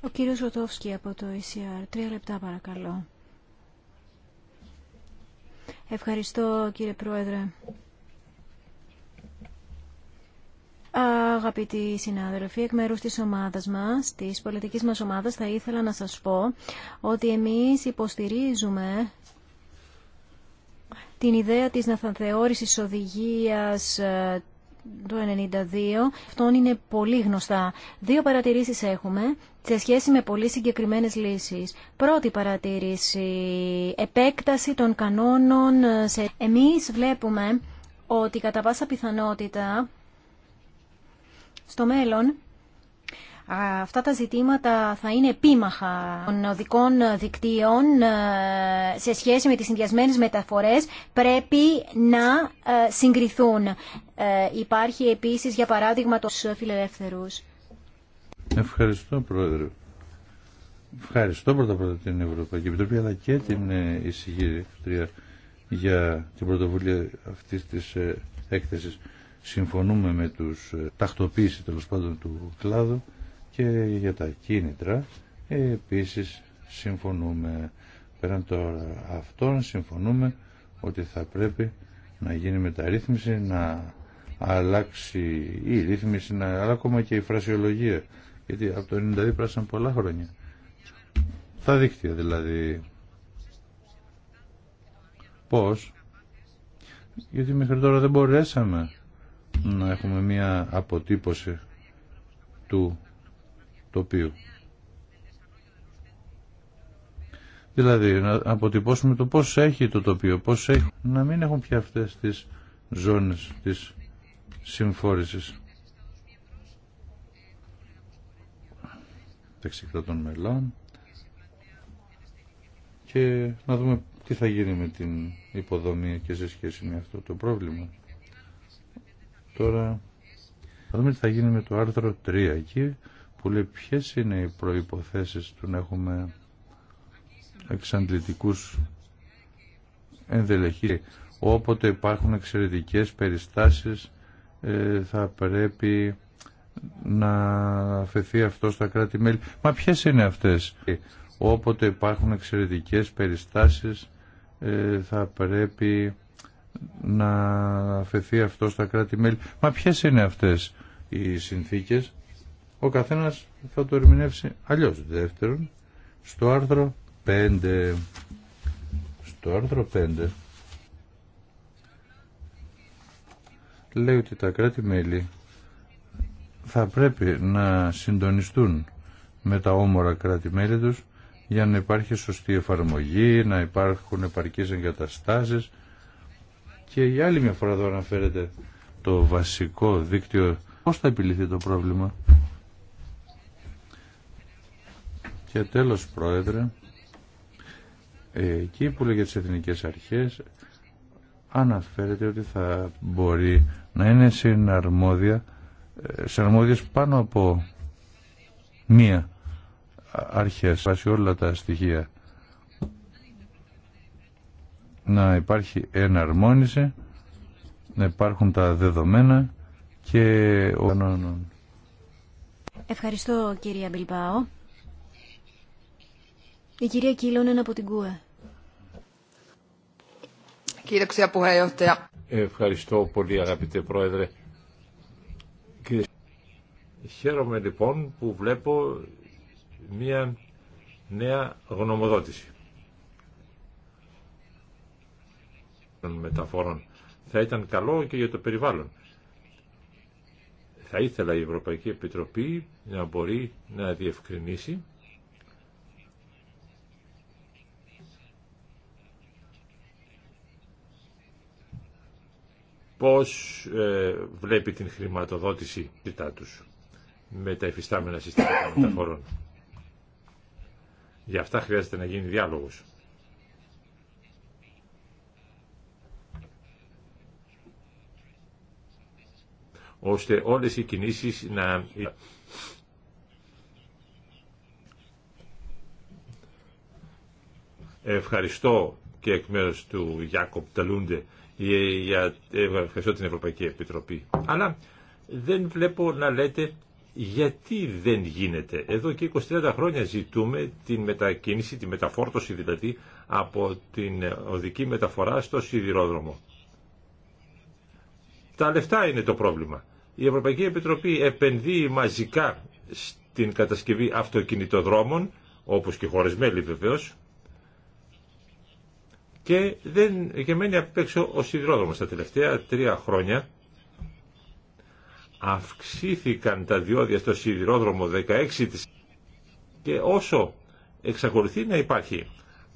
Ο κύριος Ροτόφσκι από το ECR. Τρία λεπτά παρακαλώ. Ευχαριστώ κύριε Πρόεδρε. Αγαπητοί συνάδελφοι, εκ μέρους της ομάδα μας, της πολιτικής μας ομάδας, θα ήθελα να σας πω ότι εμείς υποστηρίζουμε την ιδέα της ναθανθεώρησης οδηγίας ε, του 1992. Αυτόν είναι πολύ γνωστά. Δύο παρατηρήσεις έχουμε σε σχέση με πολύ συγκεκριμένες λύσεις. Πρώτη παρατήρηση, επέκταση των κανόνων. Σε... Εμείς βλέπουμε ότι κατά πάσα πιθανότητα στο μέλλον Αυτά τα ζητήματα θα είναι επίμαχα των οδικών δικτύων ε, σε σχέση με τις συνδυασμένες μεταφορές πρέπει να ε, συγκριθούν. Ε, υπάρχει επίσης για παράδειγμα τους φιλελεύθερους. Ευχαριστώ Πρόεδρε. Ευχαριστώ πρώτα πρώτα την Ευρωπαϊκή Επιτροπή αλλά και την εισηγήτρια για την πρωτοβουλία αυτής της έκθεσης συμφωνούμε με τους τακτοποίηση τέλο πάντων του κλάδου και για τα κίνητρα ε, επίσης συμφωνούμε πέραν τώρα αυτών συμφωνούμε ότι θα πρέπει να γίνει μεταρρύθμιση να αλλάξει η ρύθμιση να αλλά ακόμα και η φρασιολογία γιατί από το 92 πράσαν πολλά χρόνια θα δείχνει δηλαδή πως γιατί μέχρι τώρα δεν μπορέσαμε να έχουμε μία αποτύπωση του τοπίου. Δηλαδή να αποτυπώσουμε το πώς έχει το τοπίο, πώς έχει, να μην έχουν πια αυτές τις ζώνες της συμφόρησης. τα των μελών και να δούμε τι θα γίνει με την υποδομή και σε σχέση με αυτό το πρόβλημα. Τώρα θα δούμε τι θα γίνει με το άρθρο 3 εκεί που λέει ποιες είναι οι προϋποθέσεις του να έχουμε εξαντλητικούς ενδελεχείς. Όποτε υπάρχουν εξαιρετικές περιστάσεις ε, θα πρέπει να αφαιθεί αυτό στα κράτη-μέλη. Μα ποιες είναι αυτές. Όποτε υπάρχουν εξαιρετικές περιστάσεις ε, θα πρέπει να αφαιθεί αυτό στα κράτη-μέλη. Μα ποιες είναι αυτές οι συνθήκες ο καθένας θα το ερμηνεύσει αλλιώς. Δεύτερον, στο άρθρο 5, στο άρθρο 5 λέει ότι τα κράτη-μέλη θα πρέπει να συντονιστούν με τα όμορα κράτη-μέλη τους για να υπάρχει σωστή εφαρμογή, να υπάρχουν επαρκείς εγκαταστάσεις και η άλλη μια φορά εδώ αναφέρεται το βασικό δίκτυο. Πώς θα επιληθεί το πρόβλημα. Και τέλος Πρόεδρε, εκεί που λέγεται τις εθνικές αρχές αναφέρεται ότι θα μπορεί να είναι σε αρμόδιες πάνω από μία αρχές βάσει όλα τα στοιχεία να υπάρχει εναρμόνιση να υπάρχουν τα δεδομένα και ο Ευχαριστώ κυρία Μπιλπάο. Η κυρία Κίλωνεν από την ΚΟΕ. Ευχαριστώ πολύ αγαπητέ Πρόεδρε. Χαίρομαι λοιπόν που βλέπω μία νέα γνωμοδότηση μεταφορών. Θα ήταν καλό και για το περιβάλλον. Θα ήθελα η Ευρωπαϊκή Επιτροπή να μπορεί να διευκρινίσει πώς ε, βλέπει την χρηματοδότηση του τους με τα εφιστάμενα συστήματα μεταφορών. Για αυτά χρειάζεται να γίνει διάλογος. ώστε όλες οι κινήσεις να... Ευχαριστώ και εκ μέρους του Γιάκοπ Ταλούντε ε, για, ε, ευχαριστώ την Ευρωπαϊκή Επιτροπή. Αλλά δεν βλέπω να λέτε γιατί δεν γίνεται. Εδώ και 20-30 χρόνια ζητούμε την μετακίνηση, τη μεταφόρτωση δηλαδή, από την οδική μεταφορά στο σιδηρόδρομο. Τα λεφτά είναι το πρόβλημα. Η Ευρωπαϊκή Επιτροπή επενδύει μαζικά στην κατασκευή αυτοκινητοδρόμων, όπως και χωρισμένοι βεβαίως, και, δεν, και μένει απ' έξω ο σιδηρόδρομος τα τελευταία τρία χρόνια αυξήθηκαν τα διόδια στο σιδηρόδρομο 16% και όσο εξακολουθεί να υπάρχει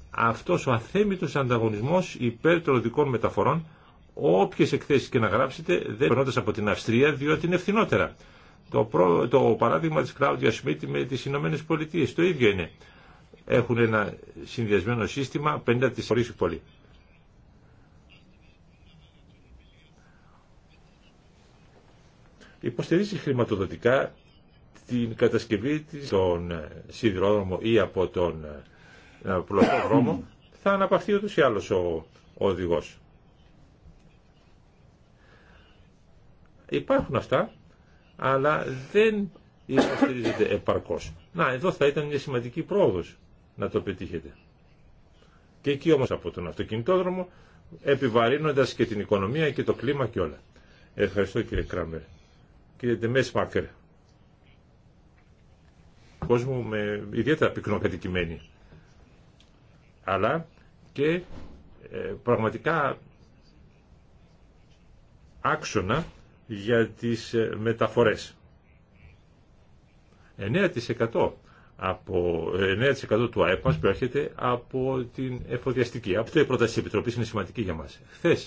αυτός ο αθέμητος ανταγωνισμός υπέρ των οδικών μεταφορών όποιες εκθέσεις και να γράψετε δεν περνώντας από την Αυστρία διότι είναι φθηνότερα. Το, προ... το παράδειγμα της Κλάουδια Σμίτη με τις Ηνωμένες Πολιτείες το ίδιο είναι έχουν ένα συνδυασμένο σύστημα 50% χωρίς πολύ. Υποστηρίζει χρηματοδοτικά την κατασκευή της τον σιδηρόδρομο ή από τον ε, πλωτό δρόμο θα αναπαυθεί ούτως ή άλλως ο, ο οδηγός. Υπάρχουν αυτά, αλλά δεν υποστηρίζεται επαρκώς. Να, εδώ θα ήταν μια σημαντική πρόοδος να το πετύχετε. Και εκεί όμως από τον αυτοκινητόδρομο επιβαρύνοντας και την οικονομία και το κλίμα και όλα. Ευχαριστώ κύριε Κράμερ. Κύριε Ντεμές Μάκερ. Κόσμο με ιδιαίτερα πυκνό κατοικημένη. Αλλά και ε, πραγματικά άξονα για τις ε, μεταφορές. 9% από 9% ε, του ΑΕΠ μας προέρχεται από την εφοδιαστική. Αυτή η πρόταση της Επιτροπής είναι σημαντική για μας. Χθε,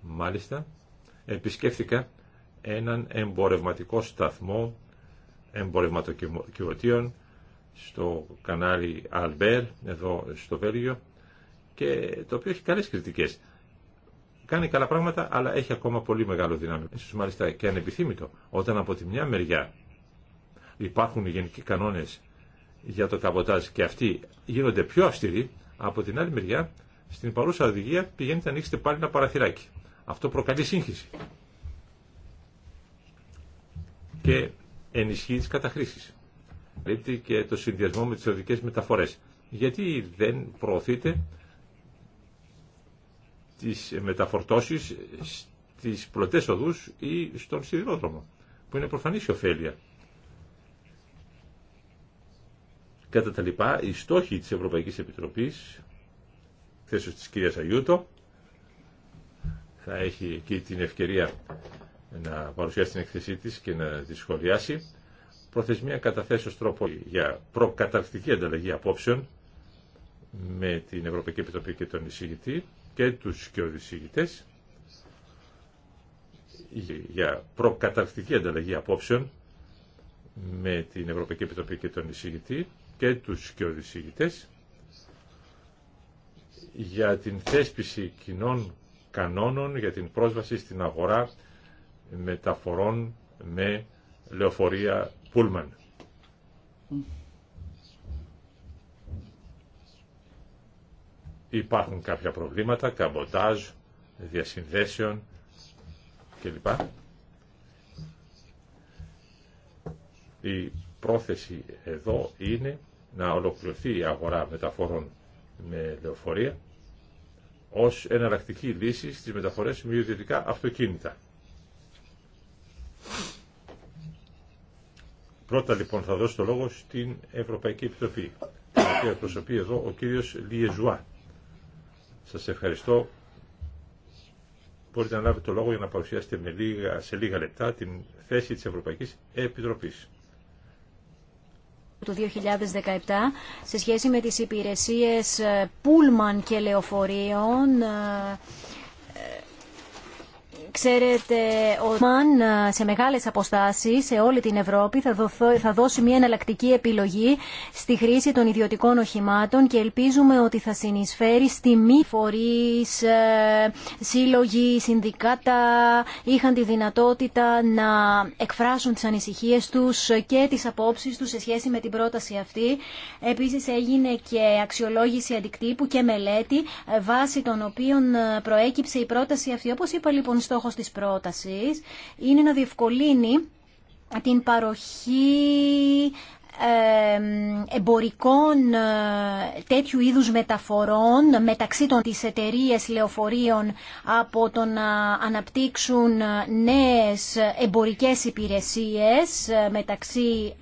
μάλιστα, επισκέφθηκα έναν εμπορευματικό σταθμό εμπορευματοκιβωτίων στο κανάλι Αλμπέρ, εδώ στο Βέλγιο, και το οποίο έχει καλές κριτικές. Κάνει καλά πράγματα, αλλά έχει ακόμα πολύ μεγάλο δυναμικό. Ίσως μάλιστα και ανεπιθύμητο, όταν από τη μια μεριά υπάρχουν οι γενικοί κανόνες για το καμποτάζ και αυτοί γίνονται πιο αυστηροί, από την άλλη μεριά στην παρούσα οδηγία πηγαίνετε να ανοίξετε πάλι ένα παραθυράκι. Αυτό προκαλεί σύγχυση και ενισχύει τις καταχρήσει. Λέτε και το συνδυασμό με τις οδικέ μεταφορές. Γιατί δεν προωθείτε τις μεταφορτώσει στι πλωτέ σιδηρόδρομο, που είναι προφανής η στον σιδηροδρομο που ειναι προφανή ωφελεια Κατά τα λοιπά, οι στόχοι της Ευρωπαϊκής Επιτροπής, θέσεως της κυρίας Αγιούτο, θα έχει εκεί την ευκαιρία να παρουσιάσει την εκθεσή της και να τη σχολιάσει. Προθεσμία καταθέσεως τρόπο για προκαταρκτική ανταλλαγή απόψεων με την Ευρωπαϊκή Επιτροπή και τον εισηγητή και τους και για προκαταρκτική ανταλλαγή απόψεων με την Ευρωπαϊκή Επιτροπή και τον εισηγητή και τους και για την θέσπιση κοινών κανόνων για την πρόσβαση στην αγορά μεταφορών με λεωφορεία Πούλμαν. Υπάρχουν κάποια προβλήματα, καμποτάζ, διασυνδέσεων κλπ. Η πρόθεση εδώ είναι να ολοκληρωθεί η αγορά μεταφορών με λεωφορεία ως εναλλακτική λύση στις μεταφορές με ιδιωτικά αυτοκίνητα. Πρώτα λοιπόν θα δώσω το λόγο στην Ευρωπαϊκή Επιτροπή, την οποία προσωπεί εδώ ο κύριος Λιεζουά. Σας ευχαριστώ. Μπορείτε να λάβετε το λόγο για να παρουσιάσετε με λίγα, σε λίγα λεπτά την θέση της Ευρωπαϊκής Επιτροπής του 2017 σε σχέση με τις υπηρεσίες πούλμαν ε, και λεωφορείων ε, Ξέρετε, ο ΜΑΝ σε μεγάλες αποστάσεις σε όλη την Ευρώπη θα, θα δώσει μια εναλλακτική επιλογή στη χρήση των ιδιωτικών οχημάτων και ελπίζουμε ότι θα συνεισφέρει στη μη φορείς, ε, σύλλογοι, συνδικάτα είχαν τη δυνατότητα να εκφράσουν τις ανησυχίες τους και τις απόψεις τους σε σχέση με την πρόταση αυτή. Επίσης έγινε και αξιολόγηση αντικτύπου και μελέτη ε, βάσει των οποίων ε, προέκυψε η πρόταση αυτή. Όπως είπα λοιπόν στόχος της πρότασης είναι να διευκολύνει την παροχή εμπορικών ε, τέτοιου είδους μεταφορών μεταξύ των της εταιρείες λεωφορείων από το να αναπτύξουν ε, νέες εμπορικές υπηρεσίες ε, μεταξύ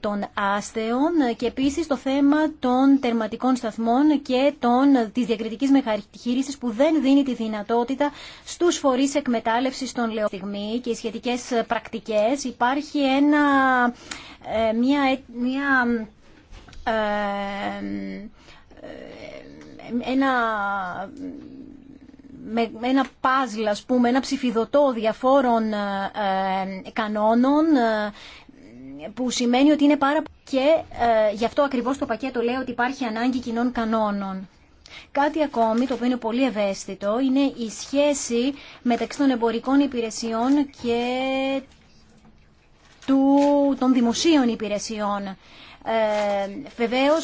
των άστεων και επίσης το θέμα των τερματικών σταθμών και των, της διακριτικής μεταχείρισης που δεν δίνει τη δυνατότητα στους φορείς εκμετάλλευσης των λεωφορείων και οι σχετικές πρακτικές υπάρχει ένα ε, μια, ε, μια ε, ένα με ένα παζλ, ας πούμε, ένα ψηφιδωτό διαφόρων κανόνων που σημαίνει ότι είναι πάρα και γι' αυτό ακριβώς το πακέτο λέει ότι υπάρχει ανάγκη κοινών κανόνων. Κάτι ακόμη το οποίο είναι πολύ ευαίσθητο είναι η σχέση μεταξύ των εμπορικών υπηρεσιών και του των δημοσίων υπηρεσιών. Ε, Βεβαίω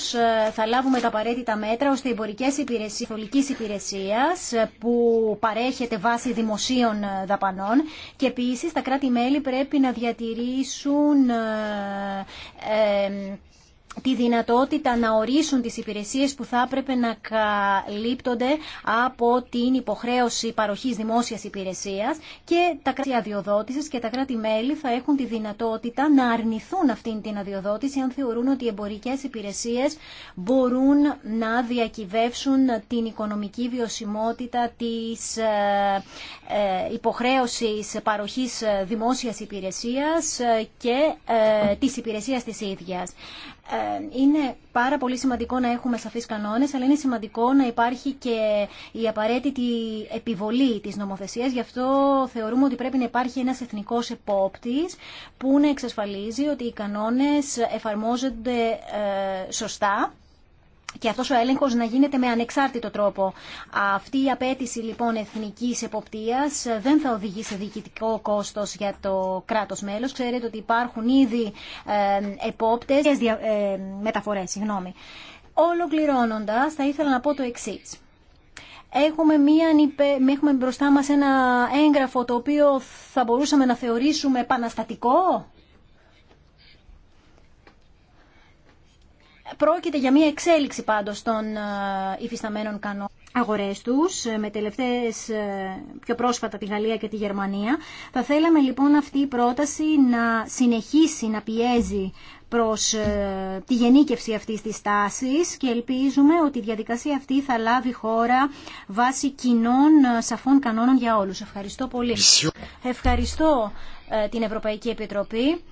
ε, θα λάβουμε τα απαραίτητα μέτρα ώστε οι εμπορικέ υπηρεσίε υπηρεσίας υπηρεσία που παρέχεται βάσει δημοσίων ε, δαπανών και επίσης τα κράτη-μέλη πρέπει να διατηρήσουν ε, ε τη δυνατότητα να ορίσουν τις υπηρεσίες που θα έπρεπε να καλύπτονται από την υποχρέωση παροχής δημόσιας υπηρεσίας και τα κράτη αδειοδότησης και τα κράτη-μέλη θα έχουν τη δυνατότητα να αρνηθούν αυτήν την αδειοδότηση αν θεωρούν ότι οι εμπορικές υπηρεσίες μπορούν να διακυβεύσουν την οικονομική βιωσιμότητα της ε, ε, υποχρέωσης παροχής δημόσιας υπηρεσίας και ε, της υπηρεσίας της ίδιας. Ε, είναι πάρα πολύ σημαντικό να έχουμε σαφείς κανόνες, αλλά είναι σημαντικό να υπάρχει και η απαραίτητη επιβολή της νομοθεσίας. Γι' αυτό θεωρούμε ότι πρέπει να υπάρχει ένας εθνικός επόπτης που να εξασφαλίζει ότι οι κανόνες εφαρμόζονται ε, σωστά και αυτός ο έλεγχος να γίνεται με ανεξάρτητο τρόπο. Αυτή η απέτηση λοιπόν εθνικής εποπτείας ε, δεν θα οδηγεί σε διοικητικό κόστος για το κράτος μέλος. Ξέρετε ότι υπάρχουν ήδη επόπτες ε, μεταφορές. Συγγνώμη. Ολοκληρώνοντας, θα ήθελα να πω το εξής. Έχουμε, μία, έχουμε μπροστά μας ένα έγγραφο το οποίο θα μπορούσαμε να θεωρήσουμε επαναστατικό Πρόκειται για μια εξέλιξη πάντως των ε, υφισταμένων κανόνων αγορές τους, ε, με τελευταίες ε, πιο πρόσφατα τη Γαλλία και τη Γερμανία. Θα θέλαμε λοιπόν αυτή η πρόταση να συνεχίσει να πιέζει προς τη γενίκευση αυτής της τάσης και ελπίζουμε ότι η διαδικασία αυτή θα λάβει χώρα βάσει κοινών σαφών κανόνων για όλους. Ευχαριστώ πολύ. Ευχαριστώ την Ευρωπαϊκή Επιτροπή.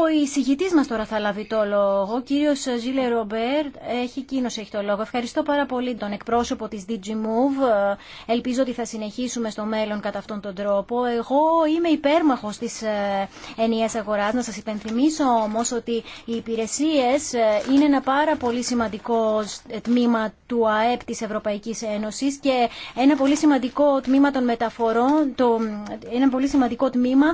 Ο εισηγητή μα τώρα θα λάβει το λόγο. Ο κύριο Ζήλε Ρομπέρ έχει εκείνο έχει το λόγο. Ευχαριστώ πάρα πολύ τον εκπρόσωπο τη DigiMove. Ελπίζω ότι θα συνεχίσουμε στο μέλλον κατά αυτόν τον τρόπο. Εγώ είμαι υπέρμαχο τη ε, ενιαία αγορά. Να σα υπενθυμίσω όμω ότι οι υπηρεσίε ε, είναι ένα πάρα πολύ σημαντικό ε, τμήμα του ΑΕΠ τη Ευρωπαϊκή Ένωση και ένα πολύ σημαντικό τμήμα των μεταφορών, το, ένα πολύ σημαντικό τμήμα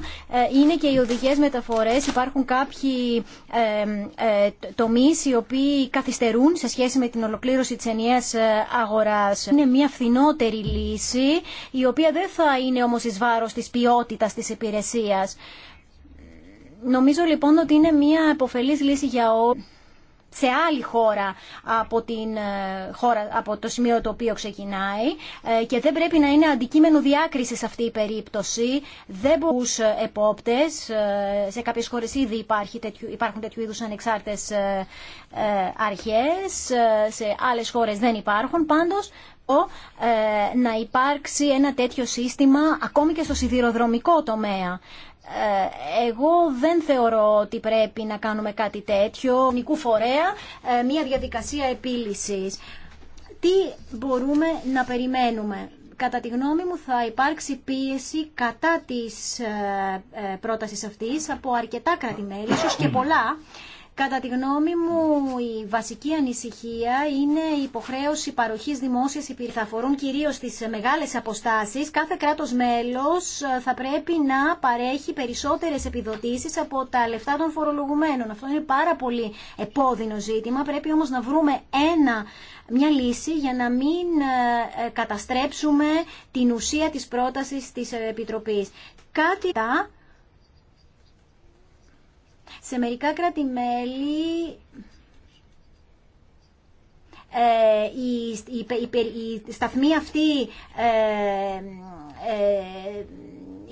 είναι και οι οδηγέ μεταφορέ. Υπάρχουν κάποιοι ε, ε, τομείς οι οποίοι καθυστερούν σε σχέση με την ολοκλήρωση τη ενιαία ε, αγοράς. Είναι μια φθηνότερη λύση η οποία δεν θα είναι όμως ει βάρο της ποιότητα της υπηρεσία. Νομίζω λοιπόν ότι είναι μια υποφελή λύση για όλου σε άλλη χώρα από, την, ε, χώρα, από το σημείο το οποίο ξεκινάει ε, και δεν πρέπει να είναι αντικείμενο σε αυτή η περίπτωση. Δεν μπορούν ε, επόπτες, σε κάποιες χώρες ήδη υπάρχει υπάρχουν τέτοιου είδους ανεξάρτητες αρχές, σε άλλες χώρες δεν υπάρχουν. Πάντως να υπάρξει ένα τέτοιο σύστημα ακόμη και στο σιδηροδρομικό τομέα. Ε, εγώ δεν θεωρώ ότι πρέπει να κάνουμε κάτι τέτοιο. Νικού φορέα, ε, μια διαδικασία επίλυσης. Τι μπορούμε να περιμένουμε. Κατά τη γνώμη μου θα υπάρξει πίεση κατά της ε, πρότασης αυτής από κρατημένες και πολλά, Κατά τη γνώμη μου, η βασική ανησυχία είναι η υποχρέωση παροχή δημόσια υπηρεσία. Θα αφορούν κυρίω τι μεγάλε αποστάσει. Κάθε κράτο μέλο ε, θα πρέπει να παρέχει περισσότερε επιδοτήσει από τα λεφτά των φορολογουμένων. Αυτό είναι πάρα πολύ επώδυνο ζήτημα. Πρέπει όμω να βρούμε ένα, μια λύση για να μην ε, ε, καταστρέψουμε την ουσία της πρότασης τη επιτροπή. Κάτι σε μερικά κράτη-μέλη ε, η σταθμή αυτή ε, ε,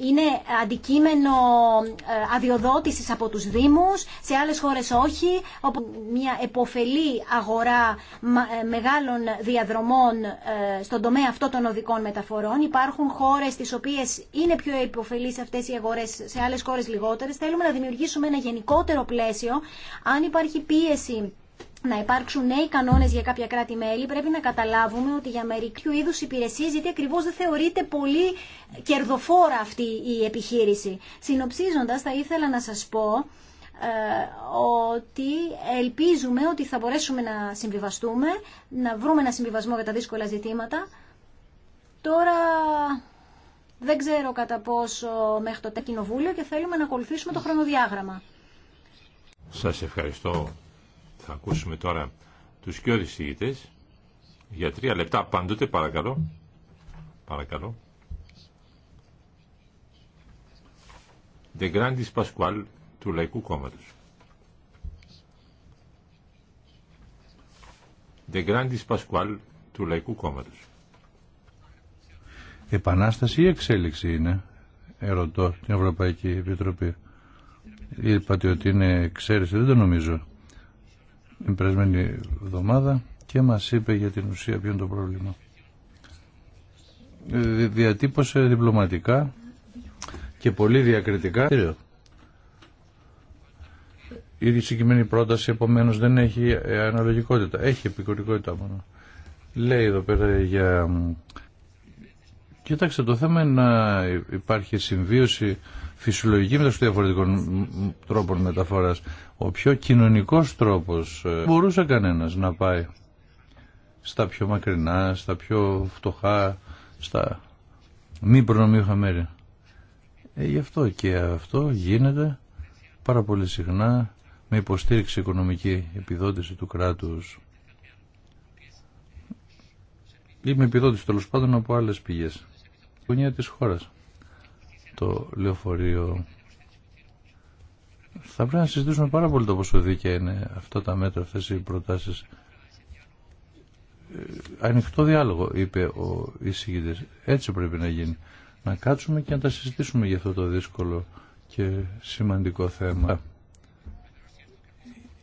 είναι αντικείμενο ε, αδειοδότησης από τους Δήμους, σε άλλες χώρες όχι, όπου μια εποφελή αγορά ε, μεγάλων διαδρομών ε, στον τομέα αυτό των οδικών μεταφορών. Υπάρχουν χώρες τις οποίες είναι πιο σε αυτές οι αγορές, σε άλλες χώρες λιγότερες. Θέλουμε να δημιουργήσουμε ένα γενικότερο πλαίσιο, αν υπάρχει πίεση να υπάρξουν νέοι κανόνε για κάποια κράτη-μέλη, πρέπει να καταλάβουμε ότι για μερικού είδου υπηρεσίες, γιατί ακριβώ δεν θεωρείται πολύ κερδοφόρα αυτή η επιχείρηση. Συνοψίζοντας, θα ήθελα να σας πω ε, ότι ελπίζουμε ότι θα μπορέσουμε να συμβιβαστούμε, να βρούμε ένα συμβιβασμό για τα δύσκολα ζητήματα. Τώρα δεν ξέρω κατά πόσο μέχρι το κοινοβούλιο και θέλουμε να ακολουθήσουμε το χρονοδιάγραμμα. Σας ευχαριστώ θα ακούσουμε τώρα τους και ηγητές για τρία λεπτά πάντοτε παρακαλώ. Παρακαλώ. Grandis Πασκουάλ του Λαϊκού Κόμματος. Grandis Πασκουάλ του Λαϊκού Κόμματος. Επανάσταση ή εξέλιξη είναι, ερωτώ την Ευρωπαϊκή Επιτροπή. Είπατε ότι είναι εξαίρεση, δεν το νομίζω την περασμένη εβδομάδα και μας είπε για την ουσία ποιο είναι το πρόβλημα. Ε, διατύπωσε διπλωματικά και πολύ διακριτικά. Η συγκεκριμένη πρόταση επομένω δεν έχει ε, αναλογικότητα. Έχει επικουρικότητα μόνο. Λέει εδώ πέρα για... Κοιτάξτε, το θέμα είναι να υπάρχει συμβίωση φυσιολογική μεταξύ διαφορετικών τρόπων μεταφοράς ο πιο κοινωνικός τρόπος. Ε, μπορούσε κανένας να πάει στα πιο μακρινά, στα πιο φτωχά, στα μη προνομιούχα μέρη. Ε, γι' αυτό και αυτό γίνεται πάρα πολύ συχνά με υποστήριξη οικονομική επιδότηση του κράτους ή με επιδότηση τέλο πάντων από άλλες πηγές. Η γωνία της χώρας. Το λεωφορείο θα πρέπει να συζητήσουμε πάρα πολύ το πόσο δίκαια είναι αυτά τα μέτρα, αυτέ οι προτάσεις. Ε, ανοιχτό διάλογο, είπε ο εισηγητή. Έτσι πρέπει να γίνει. Να κάτσουμε και να τα συζητήσουμε για αυτό το δύσκολο και σημαντικό θέμα.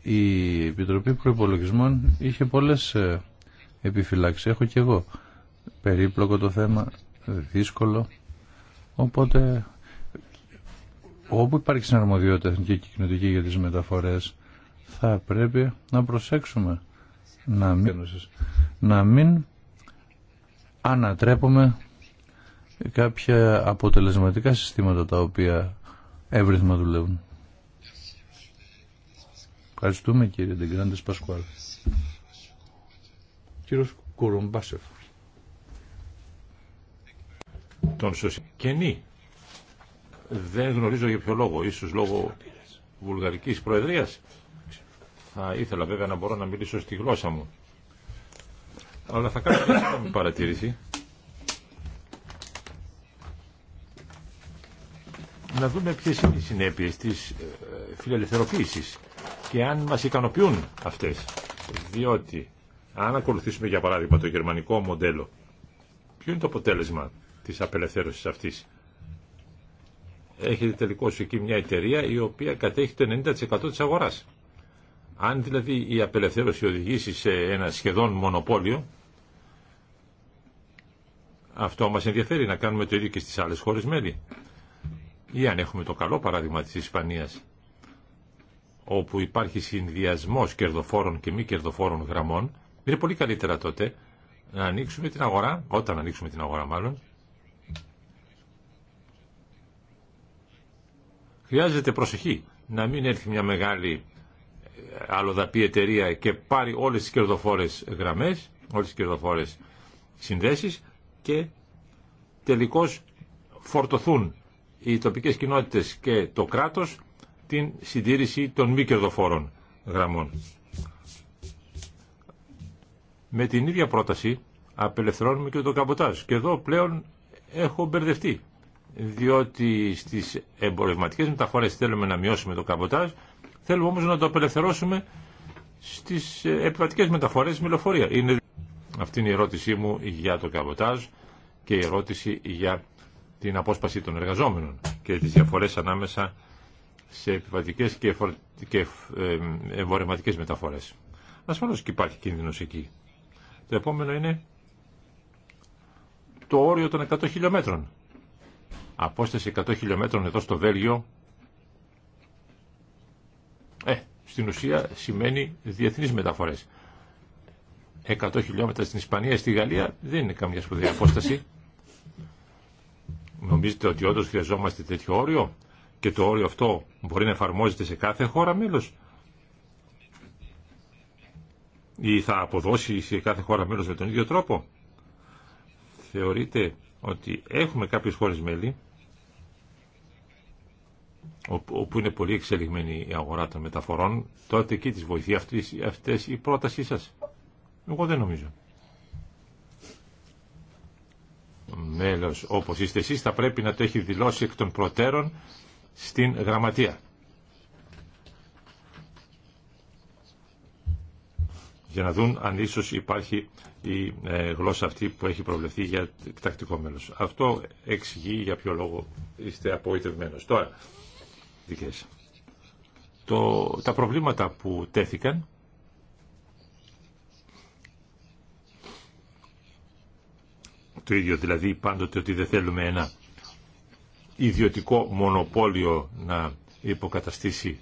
Η Επιτροπή Προπολογισμών είχε πολλές ε, επιφυλάξεις. Έχω και εγώ. Περίπλοκο το θέμα, δύσκολο. Οπότε όπου υπάρχει συναρμοδιότητα εθνική και κοινωτική για τις μεταφορές θα πρέπει να προσέξουμε να μην, ανατρέπουμε κάποια αποτελεσματικά συστήματα τα οποία εύρυθμα δουλεύουν. Ευχαριστούμε κύριε Ντεγκράντες Πασκουάλ. Κύριος Κουρομπάσεφ. Τον σωσικενή δεν γνωρίζω για ποιο λόγο, ίσως λόγω βουλγαρικής προεδρίας. Θα ήθελα βέβαια να μπορώ να μιλήσω στη γλώσσα μου. Αλλά θα κάνω μια παρατήρηση. Να δούμε ποιες είναι οι συνέπειες της ε, φιλελευθερωποίησης και αν μας ικανοποιούν αυτές. Διότι αν ακολουθήσουμε για παράδειγμα το γερμανικό μοντέλο, ποιο είναι το αποτέλεσμα της απελευθέρωσης αυτής έχετε τελικώ εκεί μια εταιρεία η οποία κατέχει το 90% της αγοράς. Αν δηλαδή η απελευθέρωση οδηγήσει σε ένα σχεδόν μονοπόλιο, αυτό μας ενδιαφέρει να κάνουμε το ίδιο και στις άλλες χώρες μέλη. Ή αν έχουμε το καλό παράδειγμα της Ισπανίας, όπου υπάρχει συνδυασμό κερδοφόρων και μη κερδοφόρων γραμμών, είναι πολύ καλύτερα τότε να ανοίξουμε την αγορά, όταν ανοίξουμε την αγορά μάλλον, Χρειάζεται προσοχή να μην έρθει μια μεγάλη ε, αλλοδαπή εταιρεία και πάρει όλες τις κερδοφόρες γραμμές, όλες τις κερδοφόρες συνδέσεις και τελικώς φορτωθούν οι τοπικές κοινότητες και το κράτος την συντήρηση των μη κερδοφόρων γραμμών. Με την ίδια πρόταση απελευθερώνουμε και το καμποτάζ. Και εδώ πλέον έχω μπερδευτεί διότι στις εμπορευματικές μεταφορές θέλουμε να μειώσουμε το καμποτάζ, θέλουμε όμως να το απελευθερώσουμε στις ε, επιβατικές μεταφορές με λεωφορεία. Είναι... Αυτή είναι η ερώτησή μου για το καμποτάζ και η ερώτηση για την απόσπαση των εργαζόμενων και τις διαφορές ανάμεσα σε επιβατικές και, εφορ... και ε, εμπορευματικές μεταφορές. Ασφαλώς και υπάρχει κίνδυνος εκεί. Το επόμενο είναι το όριο των 100 χιλιόμετρων απόσταση 100 χιλιόμετρων εδώ στο Βέλγιο, ε, στην ουσία σημαίνει διεθνείς μεταφορές. 100 χιλιόμετρα στην Ισπανία, στη Γαλλία δεν είναι καμιά σπουδαία απόσταση. Νομίζετε ότι όντω χρειαζόμαστε τέτοιο όριο και το όριο αυτό μπορεί να εφαρμόζεται σε κάθε χώρα μέλος ή θα αποδώσει σε κάθε χώρα μέλος με τον ίδιο τρόπο. Θεωρείτε ότι έχουμε κάποιες χώρες μέλη όπου είναι πολύ εξελιγμένη η αγορά των μεταφορών, τότε εκεί τις βοηθεί αυτής, αυτές η πρότασή σας. Εγώ δεν νομίζω. Μέλος όπως είστε εσείς θα πρέπει να το έχει δηλώσει εκ των προτέρων στην γραμματεία. για να δουν αν ίσως υπάρχει η ε, γλώσσα αυτή που έχει προβλεφθεί για τακτικό μέλος. Αυτό εξηγεί για ποιο λόγο είστε απογοητευμένος. Τώρα, δικές. τα προβλήματα που τέθηκαν το ίδιο δηλαδή πάντοτε ότι δεν θέλουμε ένα ιδιωτικό μονοπόλιο να υποκαταστήσει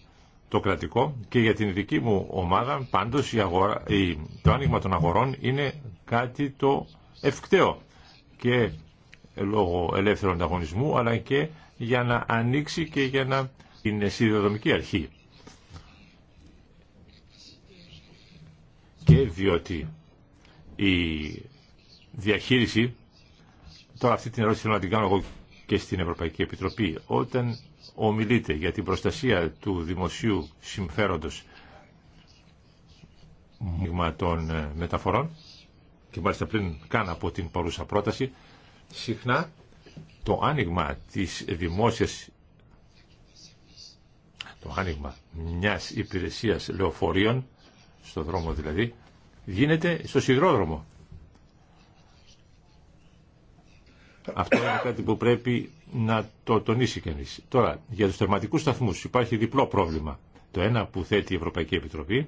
το κρατικό και για την δική μου ομάδα πάντως η αγορά, το άνοιγμα των αγορών είναι κάτι το ευκταίο και λόγω ελεύθερου ανταγωνισμού αλλά και για να ανοίξει και για να την σιδηροδρομική αρχή. Και διότι η διαχείριση, τώρα αυτή την ερώτηση θέλω να την κάνω εγώ και στην Ευρωπαϊκή Επιτροπή, όταν ομιλείται για την προστασία του δημοσίου συμφέροντος των ε, μεταφορών και μάλιστα πριν καν από την παρούσα πρόταση συχνά το άνοιγμα της δημόσιας το άνοιγμα μιας υπηρεσίας λεωφορείων, στο δρόμο δηλαδή, γίνεται στο σιδηρόδρομο. Αυτό είναι κάτι που πρέπει να το τονίσει κανεί. Τώρα, για τους τερματικούς σταθμούς υπάρχει διπλό πρόβλημα. Το ένα που θέτει η Ευρωπαϊκή Επιτροπή,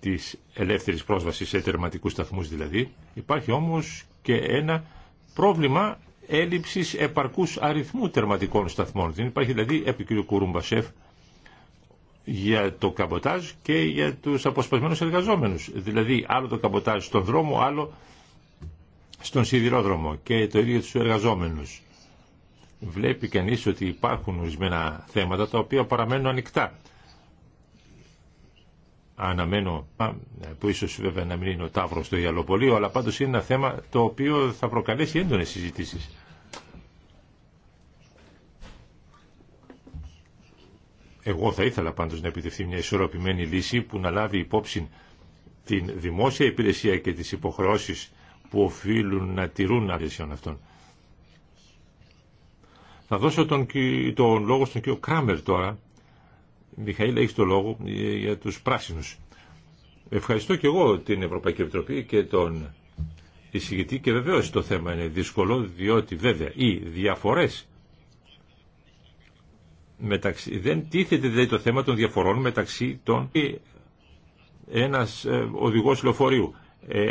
της ελεύθερης πρόσβασης σε τερματικούς σταθμούς δηλαδή, υπάρχει όμως και ένα πρόβλημα έλλειψης επαρκούς αριθμού τερματικών σταθμών. Δεν υπάρχει δηλαδή επί κ. Κουρούμπασεφ για το καμποτάζ και για τους αποσπασμένου εργαζόμενους. Δηλαδή άλλο το καμποτάζ στον δρόμο, άλλο στον σιδηρόδρομο και το ίδιο του εργαζόμενους. Βλέπει κανεί ότι υπάρχουν ορισμένα θέματα τα οποία παραμένουν ανοιχτά αναμένω που ίσως βέβαια να μην είναι ο τάβρος στο ιαλοπολείο αλλά πάντως είναι ένα θέμα το οποίο θα προκαλέσει έντονες συζητήσεις. Εγώ θα ήθελα πάντως να επιτευχθεί μια ισορροπημένη λύση που να λάβει υπόψη την δημόσια υπηρεσία και τις υποχρεώσεις που οφείλουν να τηρούν αδεσιών αυτών. Θα δώσω τον, λόγο στον κύριο Κράμερ τώρα Μιχαήλ, έχει το λόγο για τους πράσινους. Ευχαριστώ και εγώ την Ευρωπαϊκή Επιτροπή και τον εισηγητή και βεβαίω το θέμα είναι δύσκολο διότι βέβαια οι διαφορές μεταξύ, δεν τίθεται δηλαδή το θέμα των διαφορών μεταξύ των ένας ε, οδηγός λεωφορείου.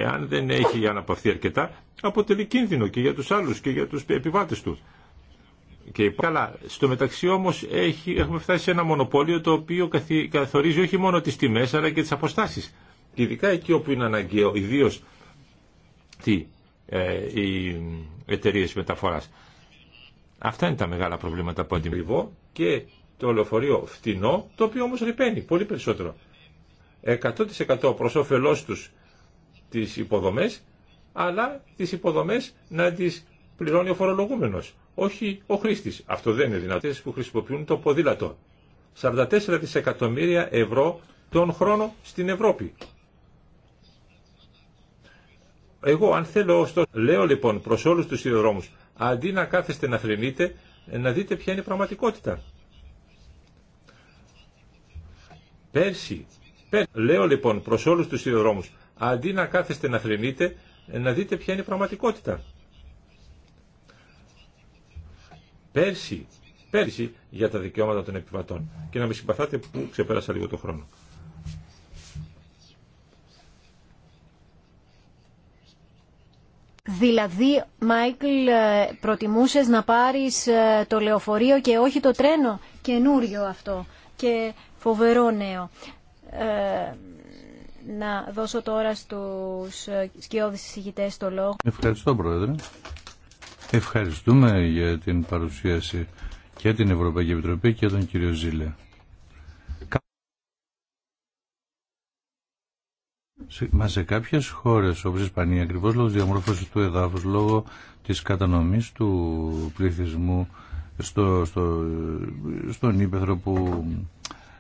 αν δεν έχει αναπαυθεί αρκετά αποτελεί κίνδυνο και για τους άλλους και για τους επιβάτε του. Και καλά, στο μεταξύ όμω έχουμε φτάσει σε ένα μονοπόλιο το οποίο καθορίζει όχι μόνο τις τιμές αλλά και τις αποστάσεις. Ειδικά εκεί όπου είναι αναγκαίο, ιδίω ε, οι εταιρείε μεταφοράς. Αυτά είναι τα μεγάλα προβλήματα που αντιμετωπίζω και το λεωφορείο φτηνό, το οποίο όμως ρηπαίνει πολύ περισσότερο. 100% προς όφελός τους τις υποδομές, αλλά τις υποδομές να τις πληρώνει ο φορολογούμενος όχι ο χρήστη. Αυτό δεν είναι δυνατέ που χρησιμοποιούν το ποδήλατο. 44 δισεκατομμύρια ευρώ τον χρόνο στην Ευρώπη. Εγώ αν θέλω ωστόσο, λέω λοιπόν προς όλους τους σιδηροδρόμους, αντί να κάθεστε να θρυνείτε, να δείτε ποια είναι η πραγματικότητα. Πέρσι, λέω λοιπόν προς όλους τους σιδηροδρόμους, αντί να κάθεστε να θρυνείτε, να δείτε ποια είναι η πραγματικότητα. πέρσι, πέρσι για τα δικαιώματα των επιβατών. Και να με συμπαθάτε που ξεπέρασα λίγο το χρόνο. Δηλαδή, Μάικλ, ε, προτιμούσες να πάρεις ε, το λεωφορείο και όχι το τρένο. Καινούριο αυτό και φοβερό νέο. Ε, να δώσω τώρα στους ε, σκιώδεις συζητητές το λόγο. Ευχαριστώ, Πρόεδρε. Ευχαριστούμε για την παρουσίαση και την Ευρωπαϊκή Επιτροπή και τον κύριο Ζήλε. Μα σε κάποιε χώρε όπω η Ισπανία, ακριβώ λόγω τη διαμόρφωση του εδάφου, λόγω τη κατανομή του πληθυσμού στο, στο, στον ύπεθρο που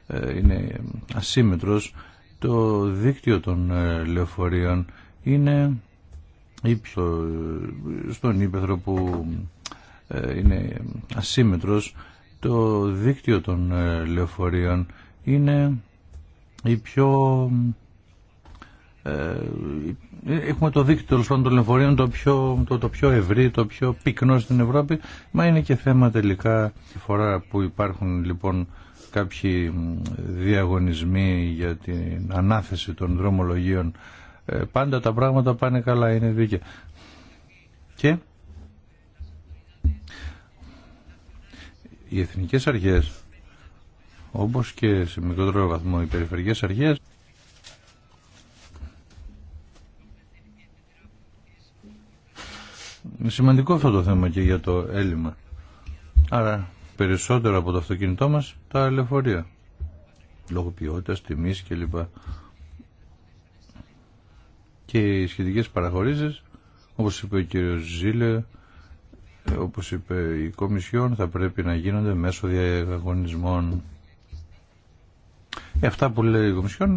ε, είναι ασύμετρος, το δίκτυο των ε, λεωφορείων είναι ύψο, στον ύπεθρο που ε, είναι ασύμετρος το δίκτυο των ε, λεωφορείων είναι η πιο ε, έχουμε το δίκτυο των λεωφορείων το πιο, το, το πιο ευρύ, το πιο πυκνό στην Ευρώπη μα είναι και θέμα τελικά τη φορά που υπάρχουν λοιπόν κάποιοι διαγωνισμοί για την ανάθεση των δρομολογίων ε, πάντα τα πράγματα πάνε καλά, είναι δίκαια. Και οι εθνικές αρχές, όπως και σε μικρότερο βαθμό οι περιφερειακές αρχές, είναι σημαντικό αυτό το θέμα και για το έλλειμμα. Άρα περισσότερο από το αυτοκίνητό μας τα λεωφορεία. Λόγω ποιότητας, τιμής κλπ και οι σχετικές παραχωρήσεις, όπως είπε ο κύριος Ζήλε, όπως είπε η Κομισιόν, θα πρέπει να γίνονται μέσω διαγωνισμών. Ε, αυτά που λέει η Κομισιόν